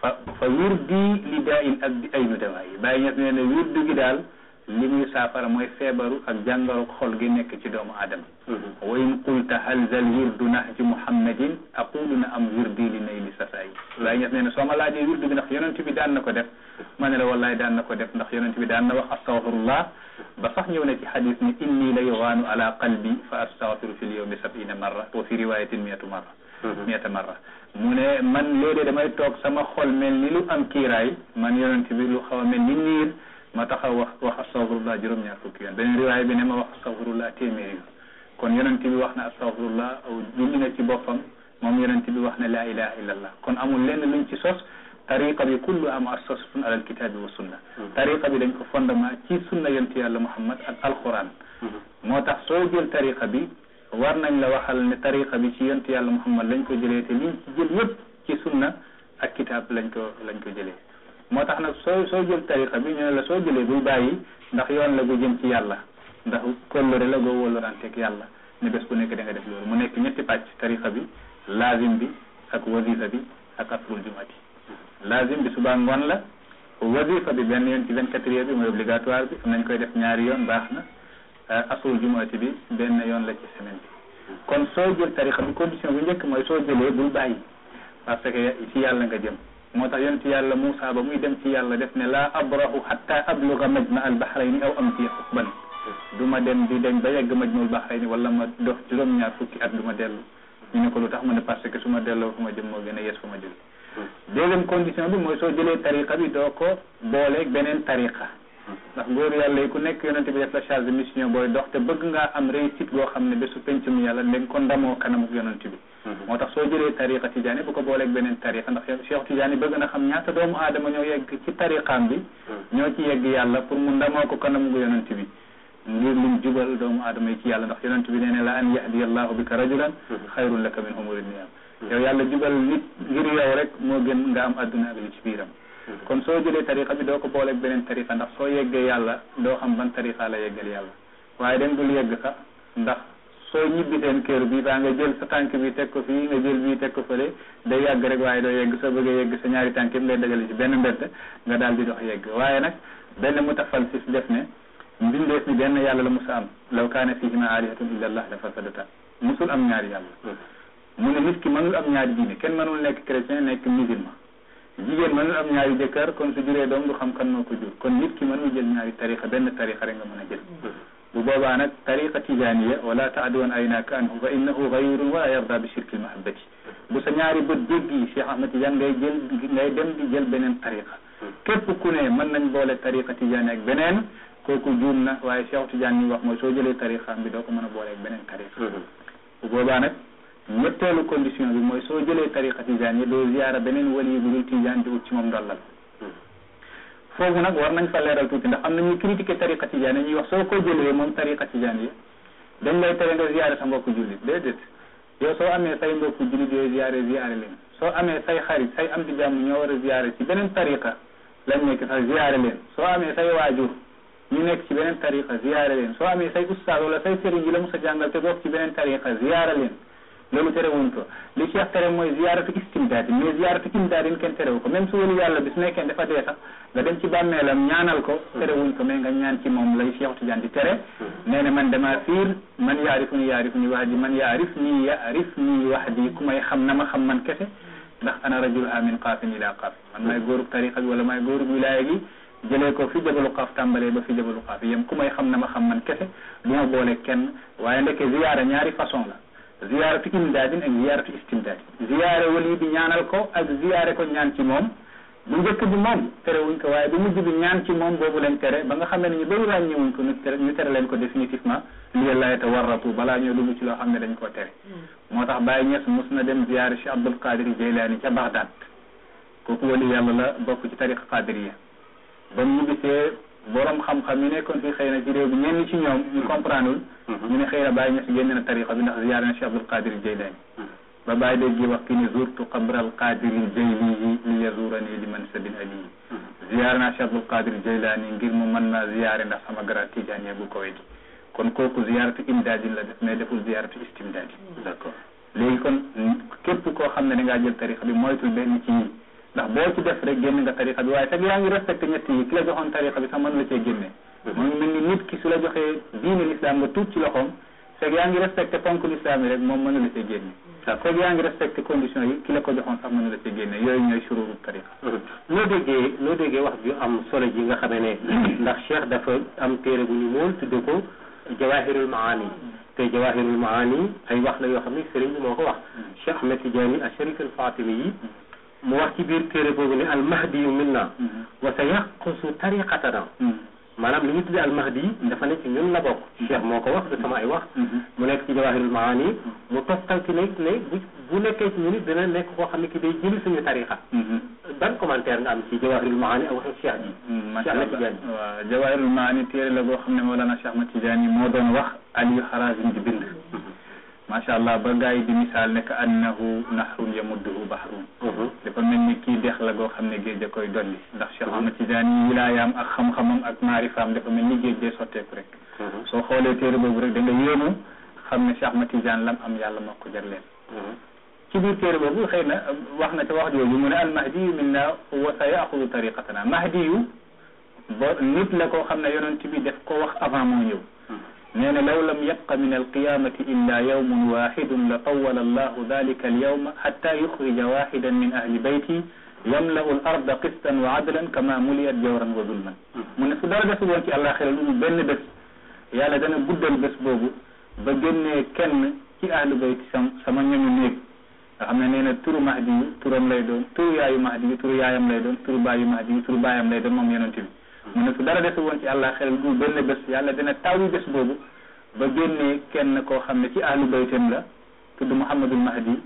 fa fa wirdi li daain ak bi aynu dawaayi bay ñes neena ne wirdu gi dal li muy safara moy febaru ak jangaru xol gi nek ci doomu adam wa in qulta hal zal wirdu nahj muhammadin aqulu na am wirdi li nay li bay bàyyi neena nee laaje soo wirdu bi nak yonent bi daan nako def manela wallahi daan nako def ndax yonent bi daan na wax astaghfirullah ba sax ñëw na ci hadith ni inni la yughanu ala qalbi fa astaghfiru fi al yawmi sabina marra wa fi riwayatin miatu marra Mm-hmm. مئة مرة من من لودي دم يتوك سما خال من ليلو أم كيراي من يرن تبي لو خال من نير ما تخا وح وح صغر الله جرم يركوكيان يعني بين رواي بين ما وح صغر الله تيميريو كون يرن تبي وحنا صغر الله أو دمنا تبافم ما يرن تبي وحنا لا إله إلا الله كون أمو لين لين تيسوس طريقة بكل أم أساس فن على الكتاب والسنة mm-hmm. طريقة بين كفن دم كيسونا ينتهي على محمد القرآن mm-hmm. ما تحصل الطريقة بي war nañ la waxal ne tariqa bi ci yontu yàlla muhammad lañ ko jëlee te liñ ci jël yëpp ci sunna ak kitaab lañ ko lañ ko jëlee moo tax nag soo soo jël tariqa bi ñu la soo jëlee bul bàyyi ndax yoon la gu jëm ci yàlla ndax kollore la goo wóloranteeg yàlla ne bes bu nekk da def loolu mu nekk ñetti pàcc tariqa bi laazim bi ak wazifa bi ak afrul jumati laazim bi subaa ngoon la wazifa bi benn yoon ci vingt-quatre heures bi mooy obligatoire bi am nañ koy def ñaari yoon baax na أصول jumaati bi benn yoon la ci semaine bi kon soo jël tarixa bi condition bu njëkk mooy soo jëlee bul bàyyi parce que ci yàlla nga jëm moo tax yàlla Moussa ba muy dem ci yàlla def ne laa abrahu hatta abluga majma al bahrayni aw am fii xukban du ma dem di dem ba yegg majmul bahrayni wala ma dox juróom-ñaar fukki at du ma ñu ne ko lu tax ne parce que su ma delloo fu ma jëm moo gën a deuxième condition bi mooy soo jëlee tariqa bi doo ko booleeg beneen tariqa ndax góor yàlla yi ku nekk yonente bi def la charge de mission booy dox te bëgg ngaa am réussite goo xam ne bésu penc mu yàlla da nga ko ndamoo kanamuk yonente bi mhm. moo tax soo jëlee tariqa tijaani bu ko booleeg beneen tariqa ndax cheikh tijaani bëgg na xam ñaata doomu adama ñoo yegg ci tariqaam bi mhm. ñoo ci yegg yàlla pour mu ndamoo ko kanamuk yonente bi ngir lim jubal doomu aadama yi ci yàlla ndax yonente bi nee ne la an yahdi allahu bika rajulan mhm. xayrun laka min umuri niam yow yàlla jubal nit ngir yow rek moo gën nga am adduna ak ci biiram Mhm. kon soo jëlee tariqa bi doo ko booleeg beneen tariqa ndax soo yeggee yàlla doo xam ban tariqa la yeggal yàlla waaye dem dul yegg sax ndax soo ñibbi seen kër bi baa nga jël sa tànk bi teg ko fii nga jël bii teg ko fële day yàgg rek waaye doo yegg soo bëggee yegg sa ñaari tànk yëpp lay dajale ci benn mbedd nga daal di dox yegg waaye nag benn mutafalsif def ne mbindeef mi benn yàlla la musa am law kaana fihima la fasadata musul am ñaari yàlla mhm. mu ne nit ki mënul am ñaari diine kenn mënul nekk chrétien nekk musulman jigéen mën na am ñaari jëkkër kon su juree doom du xam kan moo ko jur kon nit ki mën na jël ñaari tariqa benn tariqa rek nga mën a jël mm-hmm. bu boobaa nag tariqa tijaniya wala taadwan aynaka anhu fa innahu gayurun wala yarda bi shirki lmahabbati bu sa ñaari bët dégg yi Cheikh Ahmad Tidiane ngay jël ngay dem di jël beneen tariqa mm-hmm. képp ku ne mën nañ boole tariqa tijaniya ak beneen kooku juum na waaye Cheikh Tidiane ñu wax mooy soo jëlee tariqa am bi doo ko mën a boole ak beneen tariqa mm-hmm. bu boobaa nag teelu condition bi mooy soo jëlee tariqa jaan yi doo ziyaara beneen wali bu dul tijaan di wut ci moom ndollal hmm. foofu nag war nañ fa leeral tuuti ndax am na ñuy critiquer tariqa tijaan yi ñuy wax soo ko jëlee moom tariqa tijaan yi dañ lay tere nga ziyaare sa mbokku jullit déedéet yow soo amee say mbokku jullit yooyu ziyaare ziyaare leen soo amee say xarit say am di jàmm ñoo a ziyaare ci beneen tariqa lañ nekk sax leen soo amee say waajur ñu nekk ci beneen tariqa ziyaare leen soo amee say ustaad wala say sëriñ yi la mu sa jàngal te bokk ci beneen tariqa loolu terewuñ ko li Cheikh tere mooy ziyaaratu istimdaad mais ziyaaratu imdaad kenn terewu ko même su wëlu yàlla bis nekkee dafa dee sax nga dem ci bàmmeelam ñaanal ko terewuñ ko mais nga ñaan ci moom lay Cheikh Tidiane di tere nee na man dama fiir man yaarifu ni yaarifu ni wax di man yaarif ni yaarif ni wax di ku may xam na ma xam man kese ndax ana rajul amin qaafin ila qaaf man maay góorub tariqa bi wala maay góorub wilaaya gi jëlee ko fi jabalu xaaf tàmbalee ba fi jabalu xaaf yem ku may xam na ma xam man kese du ma boole kenn waaye ndekkee ziyaara ñaari façon la ziyaaratu imdaadin ak ziyaaratu istimdaadin ziyaare wali bi ñaanal ko ak ziyaare ko ñaan ci moom bu njëkk bi moom tere wuñ ko waaye bu mujj bi ñaan ci moom boobu lañ tere ba nga xam ne ñu bëri ràññee wuñ ko ñu tere ñu tere leen ko définitivement li yàlla lay tawarratu balaa ñoo dugg ci loo xam ne dañ koo tere hmm. moo tax Baye Niass mos na dem ziyaare Cheikh Abdul Qadir Jeylaani ca Baghdad kooku wali yàlla la bokk ci tariqa qadiriya ba mu gisee borom xam-xam ñu nekkoon fi xëy na ci réew bi ñenn ci ñoom ñu mm-hmm. comprendre wul mm-hmm. ñu ne xëy na bàyyi ñu si génne na tariqa bi ndax ziyaare na Cheikh Abdul Qadir Jeylaani mm-hmm. ba bàyyi dégg wax ki ni zurtu qabral qadir jeyli li yazurani li mansabin ali ziyaare naa Cheikh Abdul Qadir Jeylaani ngir mu mën ma ziyaare ndax sama gara tijaane bu ko kon kooku ziyaaratu imdaadin la def mais deful ziyaaratu istimdaadi d'accord léegi kon képp koo xam ne da ngaa jël tariqa bi moytul benn ci ndax boo ci def rek génn nga tarixa bi waaye fekk yaa ngi respecté ñett yi ki la joxoon tarixa bi sax mën la cee génne mhm. moom mel ni nit ki su la joxee diine l'islam nga tuut ci loxoom fekk yaa ngi respecté ponk l'islam yi rek moom mën la cee génne mhm. fekk yaa ngi respecté condition yi ki la ko joxoon sax mën la cee génne yooyu ñooy sururu tarixa mhm. loo déggee loo déggee wax ju am solo ji nga xamee ne ndax cheikh dafa am téere bu ñu mool tudde ko jawahirul maani te jawahirul maani ay wax la yoo xam ne sëriñ bi moo ko wax cheikh Ahmed Tidiane Acharif al Fatimi yi mu wax ci biir téere boobu ne almahdi yu minna wa sa yaqusu tariqatana maanaam li ñu tuddee almahdi yi dafa ne ci ñun la bokk cheikh moo ko wax du sama ay wax mu nekk ci jawahirul maani yi mu toftal ci nekk ne bu bu nekkee ci ñun it dina nekk koo xam ne ki day jëli suñu tariqa ban commentaire nga am ci jawahirul maani ak waxu cheikh ji cheikh ahmad tidiane waaw jawahirul maani téere la boo xam ne moolana cheikh ahmad tidiane moo doon wax aliou harazim di bind ما شاء الله بعاي بمثال نك أنه نهر يمده بحر لفا من نكي دخل لغو خم نجي جاكو يدولي لخ شخص متجاني ولايام أخم خمم أكماري فام لفا من نجي جي سوتي كريك سو خولي تيري بوبرك دنگ يومو خم نشاخ متجان لم أم يالا ما قدر لين كبير تيري بوبرك خينا وحنا تواحد يوجي منا المهدي منا هو سيأخذ طريقتنا مهدي نيت خم نيونان تبي دخ كو وخ نين لو لم يبق من القيامة إلا يوم واحد لطول الله ذلك اليوم حتى يخرج واحدا من أهل بيتي يملأ الأرض قسطا وعدلا كما مليت جورا وظلما من سدار بس الله خير لهم بين بس يا لدينا بدل البس بوغو بجن كن كي أهل بيت سمان يمي نيك أما نين ترو مهدي ترو ملايدون ترو ياي مهدي ترو ياي ملايدون ترو باي مهدي ترو باي ملايدون مم ينون mu ne su dara desu woon ci àllaa xel mu benn bés yàlla dina taw yi bés boobu ba génnee kenn koo xam ne ci ahlu baytam la tudd muhammadul mahdi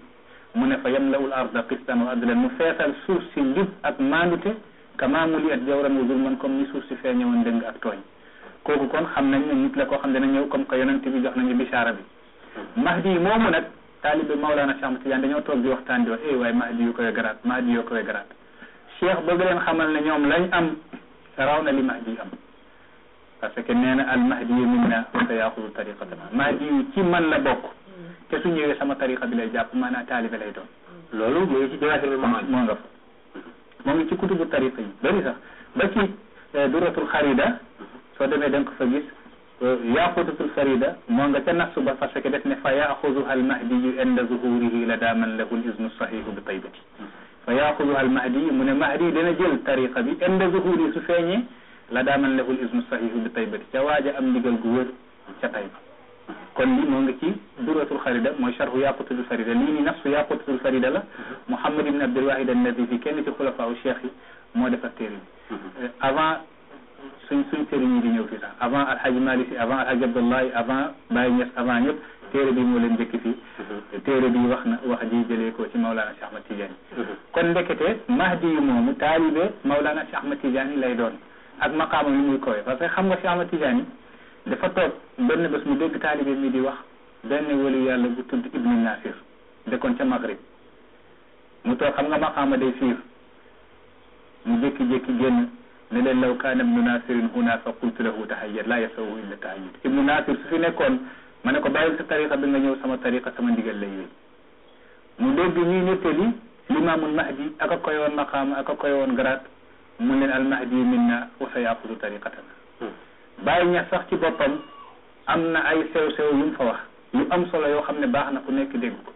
mu ne fa yamlaul arda qistan wa adlan mu feesal suuf si njub ak maandute kama muli at jawran wa zulman comme ni suuf si fee ñëwoon dëng ak tooñ kooku kon xam nañ ne nit la koo xam dana ñëw comme que yonent bi jox nañu bichara bi mahdi yi moomu nag taalibe Maulana Cheikh Ahmad Tidiane dañoo toog di waxtaan di wax eh waaye mahdi yu koy garaat mahdi yoo koy garaat cheikh bëgg leen xamal ne ñoom lañ am ترون لمهدي أم فسكننا المهدي منا وسيأخذ طريقتنا ما دي كي من لبوك كسو نيوي سما طريقة بلا جاب مانا تالي بلا يدون لولو مو يجي جاهل المهدي مو نغف مو يجي كتب الطريقي بريسا بكي دورة الخريدة فدمي دنك فجيس يا خود الفريدة من قتل نفسه بس كده نفيا أخذها المهدي عند ظهوره لدا من له الإذن الصحيح بطيبتي فياخذها المهدي من المهدي دنا جيل طريقه بي عند ظهور سفيني لا دامن له الاسم الصحيح بالطيبة تواجا ام ديغل غور تا طيب كون لي مونغ كي دورة الخريدة مو شرح ياقوت الفريدة لي ني نفس ياقوت الفريدة لا محمد بن عبد الواحد النبي في كلمة خلفاء الشيخ مو دفا تيرين avant سن سن تيرين دي نيو في سان avant الحاج مالك avant الحاج عبد الله avant باي نيس avant téere bi moo leen njëkk fii mhm. téere bi wax na wax ji jëlee ko ci Maulana a Ahmad Tidiane mhm. kon ndekete mahdi yu moomu taalibe Maulana Cheikh Ahmad Tidiane lay doon ak maqaamam li muy kowe parce que xam nga Cheikh Ahmad Tidiane dafa toog benn bés mu dégg taalibe mi di wax benn wëlu yàlla bu tudd Ibnu Nasir dëkkoon ca Maghrib mu toog xam nga maqaama day fiir mu jékki-jékki génn ne leen law kaana Ibnu Nasirin fa qultu la yasawu illa tahayyat Ibnu Nasir su fi nekkoon ma ne ko bàyyil sa tariqa bi nga ñëw sama tariqa sama ndigal lay wéy mu dégg ñuy nettali limaamul mahdi ak a ko woon maqaama ak a koy woon garaat mu leen al mahdi minna wa sa yaaxudu tariqatana hmm. bàyyi ñax sax ci boppam am na ay sew sew yu mu fa wax yu am solo yoo xam ne baax na ku nekk dégg ko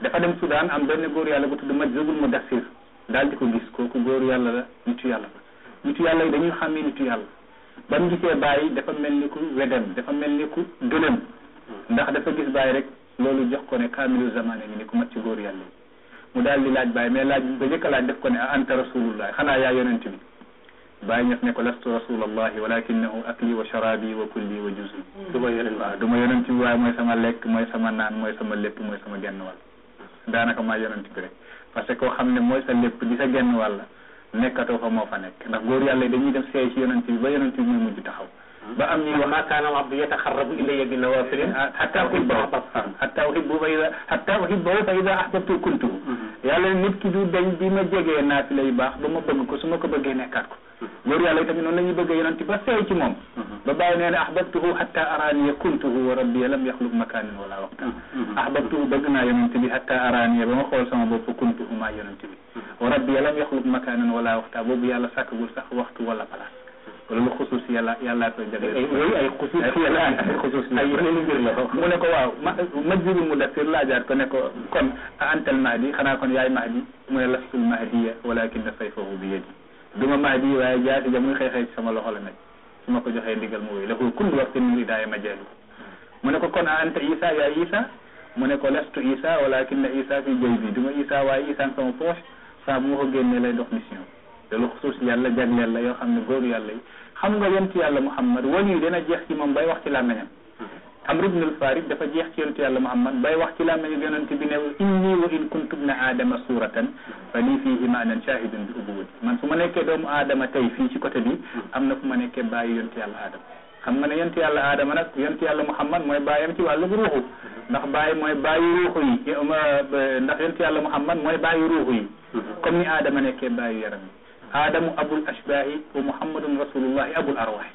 dafa dem Soudan am benn góor yàlla bu tudd Majzubul Mudassir dal di ko gis kooku góor yàlla la nitu yàlla la nitu yàlla yi dañuy xàmmee nitu yàlla ba mu gisee bàyyi dafa mel ni ku ndax dafa gis bàyyi rek loolu jox ko ne kaamilu zamane ngi ni ku mat ci góor yàlla mu daal di laaj bàyyi mais laaj ba njëkk a laaj def ko ne a anta rasulullah xanaa yaa yonent bi bàyyi ñëf ne ko lastu rasulallahi walakinahu akli wa sharabi wa kulli wa juzi duma yonent waaw du waaye mooy sama lekk mooy sama naan mooy sama lépp mooy sama genn wàll daanaka maa yonent bi rek parce que koo xam ne mooy sa lépp di sa genn wàll nekkatoo fa moo fa nekk ndax góor yàlla yi dañuy def seey ci yonent ba yonent bi taxaw بأمني وما كان ربي يتخرب إلي بالنوافل حتى أحبه حتى أحبه فإذا حتى أحبه فإذا أحببته كنته yàlla nit ki du dañ bi ma jegee naa fi lay baax ba ma bëgg ko su ma ko bëggee nekkaat ko góor yàlla tamit noonu la ñuy bëgg yonent ba seey ci moom ba bàyyi nee ne ahbabtuhu hatta araaniya kuntuhu wa rabbi lam yaxluq makanin wala waqta ahbabtuhu bëgg naa yonent bi hatta araaniya ba ma xool sama bopp kuntuhu maa yonent bi wa rabbi lam yaxluq makanin wala waqta boobu yàlla sàkkagul sax waxtu wala place wala ma xusuus yàlla yàllaa koy jagleel. yooyu ay xusuus yàlla ay xusuus ay yeneen mbir la mu ne ko waaw ma majjurul mu def laajaat ko ne ko kon a antal mahdi xanaa kon yaay mahdi mu ne lastul mahdiya walakin sayfahu bi yadi duma mahdi waaye jaasi ja muy xeexee ci sama loxo la nekk su ma ko joxee ndigal mu wéy la ko kullu waxtin min idaaya ma jeexlu mu ne ko kon a anta isa yaa isa mu ne ko lastu isa walakin isa fi jëy bi duma isa waaye isa sama poche saa bu ma ko génnee lay dox mission te lu xusuus yàlla jagleel la yoo xam ne góor yàlla yi xam nga yonent yàlla Muhammad wali yi dana jeex ci moom bay wax ci làmmeñam Amr ibn al-Farid dafa jeex ci yonent yàlla Muhammad bay wax ci làmmeñu yonent bi ne inni wa in kuntu ibna aadama suratan fa lii fii imaanan shahidun bi ubuwati man su ma nekkee doomu aadama tey fii ci côté bi am na fu ma nekkee bàyyi yonent yàlla aadama xam nga ne yonent yàlla aadama nag yonent yàlla Muhammad mooy bàyyam ci wàllu ruuxu ndax bàyyi mooy bàyyi ruuxu yi ndax yonent yàlla Muhammad mooy bàyyi ruuxu yi comme ni aadama nekkee bàyyi yaram yi aadamu abul ashbahi wa muhammadun rasulullahi abul arwahi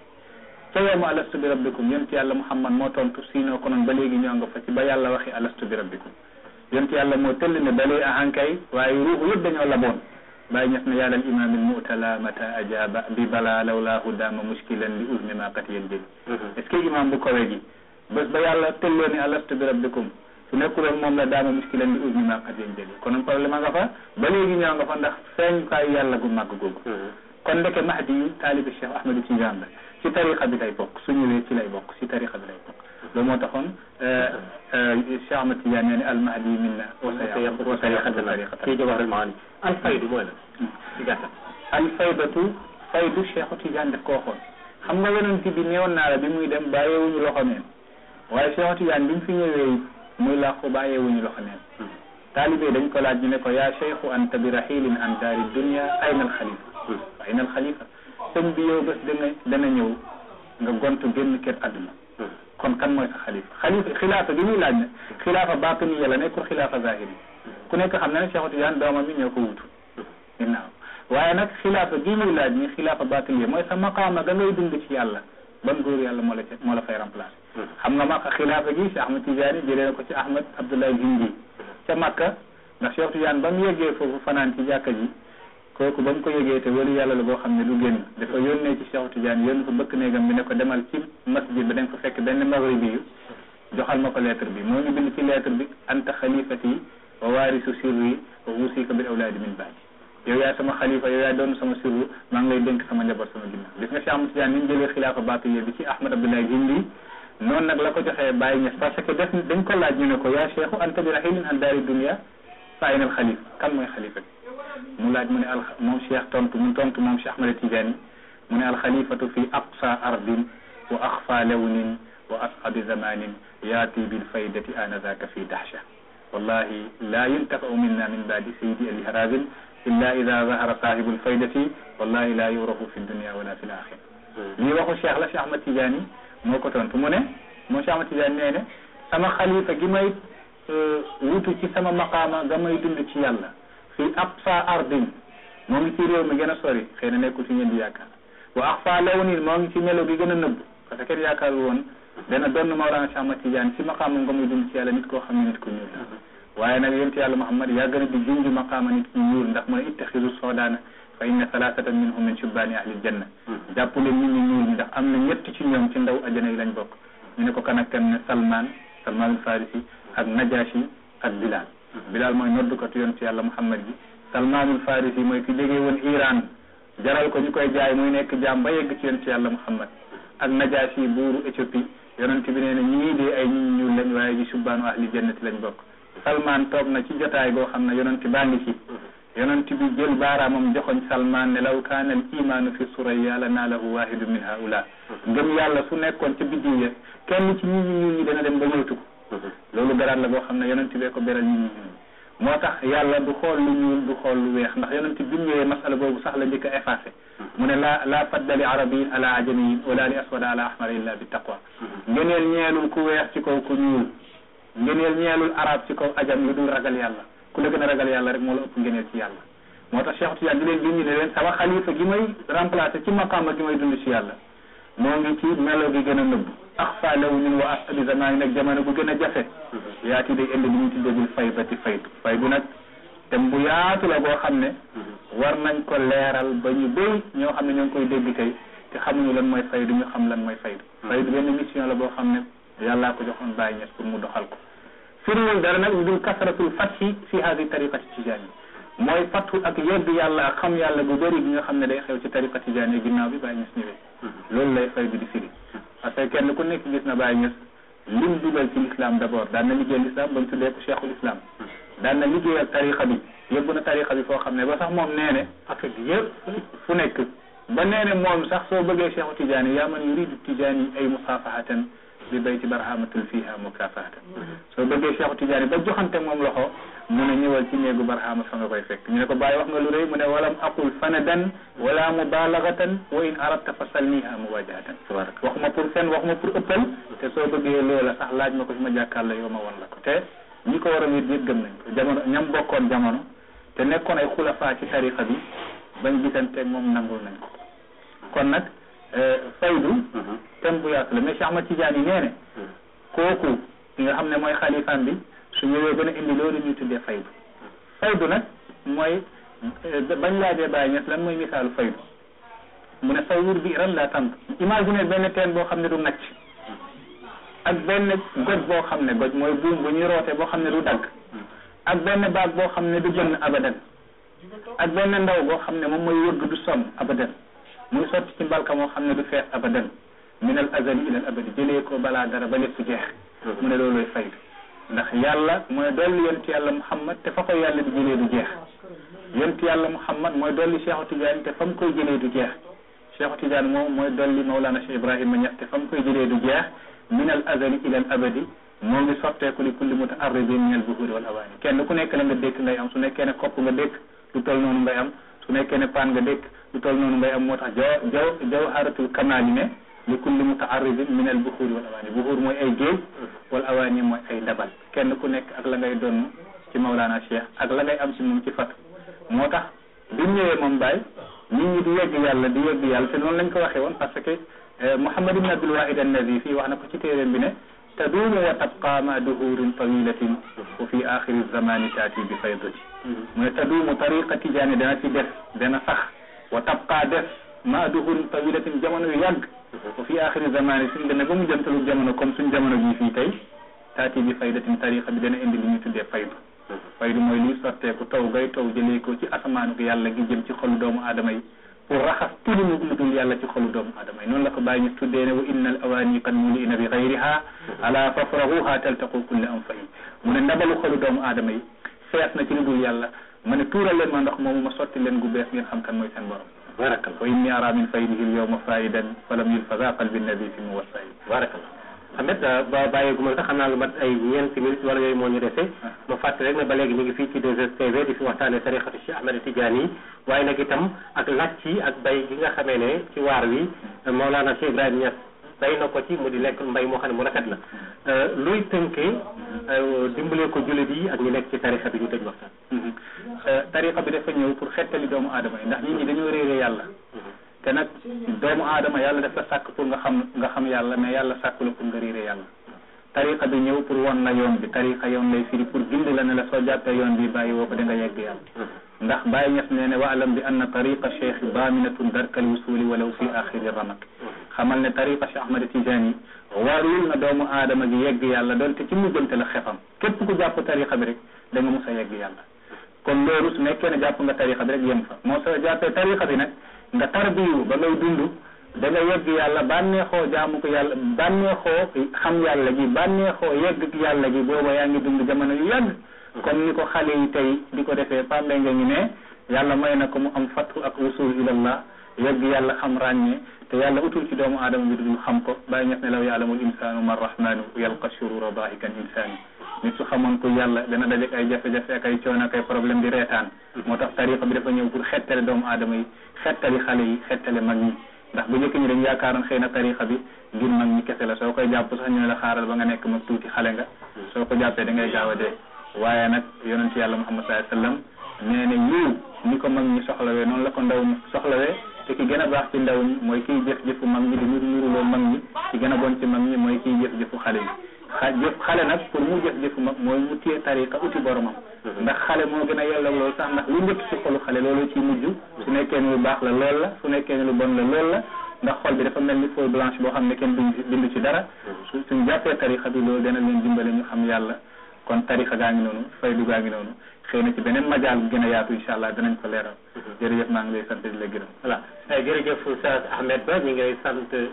ca yowma alastu bi rabbikum yonent yàlla muhammad moo tontu siinoo konoon ba léegi ñoo nga fa ci ba yàlla waxi alastu bi rabbikum yonent yàlla moo tëll ne balee ahankay waaye ruuxu yëpp dañoo laboon bàyyi ñes na yàllal imaamil mutala mata ajaba bi bala lawlaahu daama mushkilan li uzmi ma qat yel jëli mhm. est ce que imam bu kowe gi bés ba yàlla tëlloo ne alastu bi rabbikum su nekkul woon moom la daama muskilan li usni ma qad yan jëli kon problème a nga fa ba léegi ñoo nga fa ndax feeñukaayu yàlla gu màgg googu kon ndeke mahdi yi taalibi cheikh ahmadou tidiane la ci tariqa bi lay bokk su ñëwee ci lay bokk ci tariqa bi lay bokk loolu moo taxoon cheikh ahmad tidiane nee ne al mahdi yi minna wa tariqata tariqata kii jawahar maani al faydu mooy lan ci gàttal al faydatu faydu cheikh tidiane daf ko waxoon xam nga yonent bi neewoon naa la bi muy dem bàyyeewuñu loxo neen waaye cheikh tidiane bi mu fi ñëwee muy làqu bàyyeewuñu loxo neen taalibe dañ ko laaj ñu ne ko yaa cheikhu anta bi rahilin an daari dunia ayna al xalifa hmm. ayna al xalifa sëñ bi yow bés danga dana ñëw nga gontu génn kër àdduna hmm. kon kan mooy sa xalifa xalifa xilaafa bi muy laaj ne xilaafa la yàlla nekkul xilaafa zahiri hmm. ku nekk xam na ne Cheikh Tidiane doomam mi ñoo ko wutu ginnaaw waaye nag xilaafa gi muy laaj ni xilaafa baatini mooy sa maqaama da ngay dund ci yàlla ban góor yàlla moo la moo la fay remplacer xam nga ma xilaafa gi si Ahmad Tidiane jëlee na ko ci Ahmad Abdoulaye Guindi ca Makka ndax Cheikh Tidiane ba mu yëgee foofu fanaan ci jàkka ji kooku ba ko te wëlu yàlla la boo xam ne du génn dafa yónnee ci Cheikh Tidiane yónn fa bëkk néegam bi ne ko demal ci masjid bi da nga ko fekk benn maghribi yu joxal ma ko lettre bi moo ñu bind ci lettre bi anta xalifati wa waarisu wa usika bil awlaadi min baadi yow yaay sama xalifa yow yaay doon sama sirru maa ngi lay dénk sama njaboot sama ginnaaw gis non nak lako joxe baye bàyyi parce que def dañ ko laaj ñu ne ko ya cheikhu anta bi rahilin an daari dunya fa al khalif kan moy khalifa mu laaj mu ne al moom cheikh tontu mu tontu mom cheikh ahmed tidiane mu ne al khalifatu fi aqsa ardin wa akhfa lawnin wa asqad zamanin yati bil yaati bilfaydati anadaka fi dahsha wallahi la yuntafau minna min baadi sayidi ali harazin illa ida zahara sahibu lfaydati wallahi la yurafu fi dunia wala fi l axira lii waxu cheikh la cheikh ahmad tidiane moo ko tontu mu ne moom Cheikh Ahmad Tidiane nee ne sama xalifa gi may euh, wutu ci sama maqaama nga may dund ci yàlla fii absa ardin moo ngi ci réew mi gën a sori xëy na nekkul fi ngeen di yaakaar wa axfa lawnin moo ngi ci melo gi gën a nëbb parce que kenn yaakaaru woon dana doon Mawlana Cheikh Ahmad Tidiane ci maqaama nga muy dund ci yàlla nit koo xam ne nit ku ñuul mm-hmm. waaye nag yonent yàlla Muhammad yaa gën a di junj maqaama nit ku ñuul ndax mu ne ittaxisu soodaana fa inna salasatan minhum min shubbaani ahli janna jàpp leen nit ñu ñuul ndax am na ñett ci ñoom ci ndaw ajjana yi lañ bokk ñu ne ko kan ak kan ne salman salman al farisi ak najashi ak bilal bilal mooy noddukatu yoon ci yàlla muhammad bi salmanul farisi mooy ki jógee woon iran jaral ko ñu koy jaay muy nekk jaam ba yegg ci yoon ci yàlla muhammad ak najashi buuru éthiopie yonent bi nee na ñii dee ay nit ñuul lañ waaye ji subbaanu ahli jannati lañ bokk salman toog na ci jotaay goo xam ne yonent baa ngi yonent bi jël baaraamam joxoñ salman ne law kaana al imaanu fi suraya la naalahu wahidu min haula mhm. ngëm yàlla su nekkoon ca biddiw ya kenn ci ñi ñu ñi dana dem ba moytu ko mhm. loolu garaat la boo xam ne yonent bee ko beral ñi ñu moo tax yàlla du xool lu ñuul du xool lu weex ndax yonent du mu ñëwee masala boobu sax la njëkk a effacé mhm. mu ne la la fadda li arabiyin ala ajamiyin wala li aswada ala ahmar illa bi taqwa ngeneel ñeelul ku weex ci kaw ku ñuul ngeneel ñeelul ci kaw ajam lu dul ragal yàlla ku la gën a ragal yàlla rek moo la ëpp ngëneel ci yàlla moo tax Cheikh Tidiane di leen junj ne leen sama xalifa gi may remplacer ci maqaama gi may dund ci yàlla moo ngi ci melo gi gën a nëbb ax faalewu ñun wa asali zamani nag jamono bu gën a jafe yaati day indi li ñu tuddee bil faydati faydu faydu nag tem bu yaatu la boo xam ne war nañ ko leeral ba ñu béy ñoo xam ne ñoo ngi koy dégg tey te xamuñu lan mooy faydu ñu xam lan mooy fay hmm. faydu benn mission la boo xam ne yàllaa ko joxoon bàyyi ñes pour mu doxal ko firndeel dara nag lu dul kasratul fathi fi hadi tariqati tijaani mooy fattu ak yegg yàlla ak xam yàlla bu bëri bi nga xam ne day xew ci tariqa tijaani ginnaaw bi Baye Niass ñëwee loolu lay fay bi di firi parce que kenn ku nekk gis na Baye Niass lim dugal ci l'islam d'abord daan na liggéey l'islam ba mu tuddee ko cheikhul islam daan na liggéey ak tariqa bi yóbbu na tariqa bi foo xam ne ba sax moom nee ne Afrique yëpp fu nekk ba nee ne moom sax soo bëggee cheikhu tijaani yaa man yuridu tijaani ay musaafahatan bi bay ci barxamatul fiha mukafaata soo bëggee Cheikhu Tidiane ba joxante moom loxo mu ne ñëwal ci néegu barxama fa nga koy fekk ñu ne ko bàyyi wax nga lu rëy mu ne walam aqul fanadan wala mubalagatan wa in aradta fa salniha muwajahatan waxuma pour fen waxuma pour ëppal te soo bëggee loola sax laaj ma ko fi ma jàkkaarla yoo ma won la ko te ñi ko war a wér ñëpp gëm nañ ko jamono ñam bokkoon jamono te nekkoon ay xulafa ci tariqa bi bañ gisanteeg moom nangul nañ ko kon nag faydu uh-huh. thème bu yaatu la mais Cheikh Ahmad Tidiane nee ne uh-huh. kooku li xam ne mooy xalifam bi su ñëwee gën a indi loolu ñuy tuddee faydu uh-huh. faydu nag mooy eh, bañ laajee bàyyi ñes lan mooy misaalu faydu mu ne sawur bi ran la tant imagine benn teen boo xam ne du nacc ak benn goj boo xam ne goj mooy buum bu ñuy rootee boo xam ne du dagg ak benn baag boo xam ne du bënn abadan ak benn ndaw boo xam ne moom mooy wëgg du sonn abadan muy sotti ci mbalka moo xam ne du fees abadan min al azali ila al abadi jëlee ko balaa dara ba lépp jeex mu ne looloy fay ndax yàlla mooy dolli yonti yàlla muhammad te fa ko yàlla di jëlee du jeex yonti yàlla muhammad mooy dolli cheikhu tidiane te fa mu koy jëlee du jeex cheikhu tidiane moom mooy dolli maulana cheikh ibrahima ñax te fa mu koy jëlee du jeex min al azali ila al abadi moo ngi sotteeku li kulli muta mutaarribin min al buhuri wal awani kenn ku nekk la nga dékk ngay am su nekkee ne kopp nga dékk du tol noonu ngay am su nekkee ne paan nga nekk lu toll noonu ngay am moo tax jaw jaw jawharatul kamaali ne li kulli mutaaridin min al buxuuri wal awaani buxuur mooy ay géej wal awaani mooy ay ndabal kenn ku nekk ak la ngay doon ci Mawlana Cheikh ak la ngay am si moom ci fat moo tax bi ñëwee moom Baye nit ñi di yegg yàlla di yegg yàlla te noonu lañ ko waxee woon parce que Muhammad ibn Abdul Wahid an-Nazifi wax na ko ci téeréem bi ne taduumu wa tabqa ma duhurin tawilatin wa fi axiri zamani taati bi faydati mu ne taduumu tariqa tijaani dana ci des dana sax wa tabqaa des ma duhun tawilatin jamono yu yàgg wa fi axiri zamani suñ demee ba mu jëntalu jamono comme suñ jamono jii fii tey taati faydatin tariqa bi dana indi li ñuy tuddee faydu faydu mooy liy sotteeku taw gay taw jëlee ko ci asamaanu ko yàlla gi jëm ci xolu doomu aadama yi pour raxas tilimu lu dul yàlla ci xolu doomu aadama yi noonu la ko bàyyi ñu tuddee ne wa inna al awaani qad taltaqu kulla am fayi mu ne ndabalu doomu aadama yi fees na ci lu dul yàlla ma ne tuural leen ma ndox moomu ma sotti leen gu bees ngeen xam kan mooy seen borom barakallah wa inni ara min faydihi alyawma faidan falam yulfa za qalbi nabi fi muwassai barakallah Ahmed ba bàyyeegu ma sax xam naa lu mat ay ñeenti minutes wala yooyu moo ñu dese ma fàttali rek ne ba léegi ñu ngi fii ci 2STV di fi waxtaane tariqatu Cheikh Ahmed Tidiane yi waaye nag itam ak laaj yi ak bay gi nga xamee ne ci waar wi Maolana Cheikh Ibrahima Niass bay na ko ci mu di lekk mbay moo xam ne mu rafet la mm-hmm. euh, luy tënkee euh, dimbalee ko jullit yi ak ñu nekk ci tarixa bi ñu tëj waxtaan mm-hmm. euh, tarixa bi dafa ñëw pour xettali doomu aadama yi ndax nit ñi dañoo réeree yàlla mm-hmm. te nag doomu aadama yàlla dafa sàkk pour nga xam nga xam yàlla mais yàlla sàkku la pour nga réeree yàlla tariqa bi ñëw pour won la yoon bi tariqa yoon lay firi pour gindi la ne la soo jàppee yoon bi bàyyi woo ko da nga yegg yàlla ndax bàyyi ñes nee ne waalam bi anna tariqa cheikh baaminatun darkal wusuli walaw fi axiri ramak xamal ne tariqa cheikh ahmad tijani warul na doomu aadama gi yegg yàlla doonte ci mujjante la xefam képp ku jàpp tariqa bi rek da nga mus a yegg yàlla kon loolu su nekkee ne jàpp nga tariqa bi rek yem fa moo soo jàppee tariqa bi nag nga tarbiyu ba ngay dund da nga yegg yàlla bànneexoo jaamu ko yàlla bànneexoo xam yàlla gi bànneexoo yegg yàlla gi booba yaa ngi dund jamono yu yàgg hmm. comme ni ko xale yi tey di ko defee pambe nga ngi ne yàlla may na ko mu am fattu ak wusul ilallah yegg yàlla xam ràññee te yàlla utul ci doomu aadama bi dul xam ko bàyyi ñet ne law yaalamul insaanu man rahmaanu yalqa shurura daahikan insaani nit su xamoon ko yàlla dana dajeek ay jafe-jafe ak ay coono ak ay problème di reetaan hmm. moo tax tariqa bi dafa ñëw pour xettale doomu aadama yi xettali xale yi xettale mag ñi ndax bu njëkk ñi dañ yaakaaroon xëy na tarixa bi ngir mag ñi kese la soo koy jàpp sax ñu ne la xaaral ba nga nekk mag tuuti xale nga hmm. soo ko jàppee da ngay gaaw a dee waaye nag ci yàlla muhammad sallallahu alayhi wasallam nee na yiw ni ko mag ñi soxlawee noonu la ko ndaw mi soxlawee te ki gën a baax ci ndaw mi mooy kii jëf jëfu mag ñi di nuru nuruloo mag ñi ki gën a bon ci mag ñi mooy kiy jëf jëfu xale yi xa jëf xale nag pour mu jëf jëfu mag mooy mu téye tariqa uti boromam Mhm. ndax xale boo gën a yelloo loolu sax ndax lu njëkk ci xolu xale loolu ci mujj su nekkee ni lu baax la lool la su nekkee ni lu bon la lool la ndax xol bi dafa mel ni feuille blanche boo xam ne kenn duñ bind ci dara mhm. suñ jàppee tarixa bi loolu dana leen dimbale ñu xam yàlla kon tarixa gaa ngi noonu faydu gaa ngi noonu xëy na ci beneen majaal bu gën a yaatu incha allah danañ ko leeral. Mhm. jërëjëf maa ngi lay sant di la gërëm. voilà eh, sant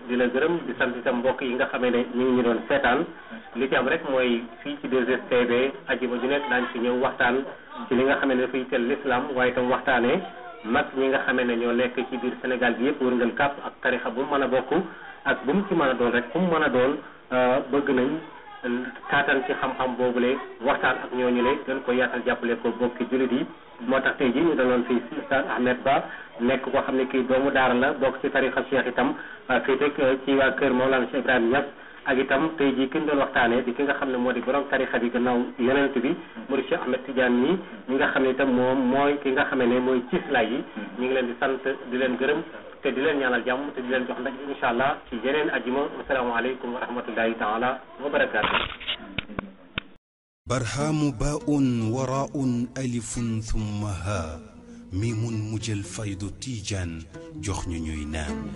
di la gërëm di sant itam mbokk yi nga xamee ne ñu ngi doon seetaan li ci am rek mooy fii ci 2STV ajjuma ju nekk daañu ci ñëw waxtaan ci li nga xamee ne dafay teel l'islam waaye itam waxtaanee mag ñi nga xamee ne ñoo lekk ci biir Sénégal bi yëpp wërngal kàpp ak tarixa bu mu mën a bokk ak bu mu ci mën a rek fu mu a doon euh, bëgg nañ taataan ci xam-xam boobule waxtaan ak ñoo ñu le gën ko yaatal jàppale ko bokki jullit yi moo tax tey ji ñu daloon fii Oustaz Ahmed Ba nekk koo xam ne kii doomu daara la bokk ci tarixa Cheikh itam ah, fii teg ah, ci waa kër Mawlana Cheikh Ibrahima Niass ak itam tey jii ki ñu doon waxtaanee di ki nga xam ne moo di borom tarixa bi gannaaw yonent bi mu di Cheikh Ahmed Tidiane nii nga xam ne itam moom mooy ki nga xam ne mooy cislaay yi mm. ñu ngi leen di sant di leen gërëm te di leen ñaanal jàmm te di leen jox ndax incha allah ci yeneen ajuma asalaamaaleykum wa rahmatullahi taala wa barakaatu barhaamu baun waraun alifun thumma ha mimun mujjal faydu tiijaan jox ñu ñuy naan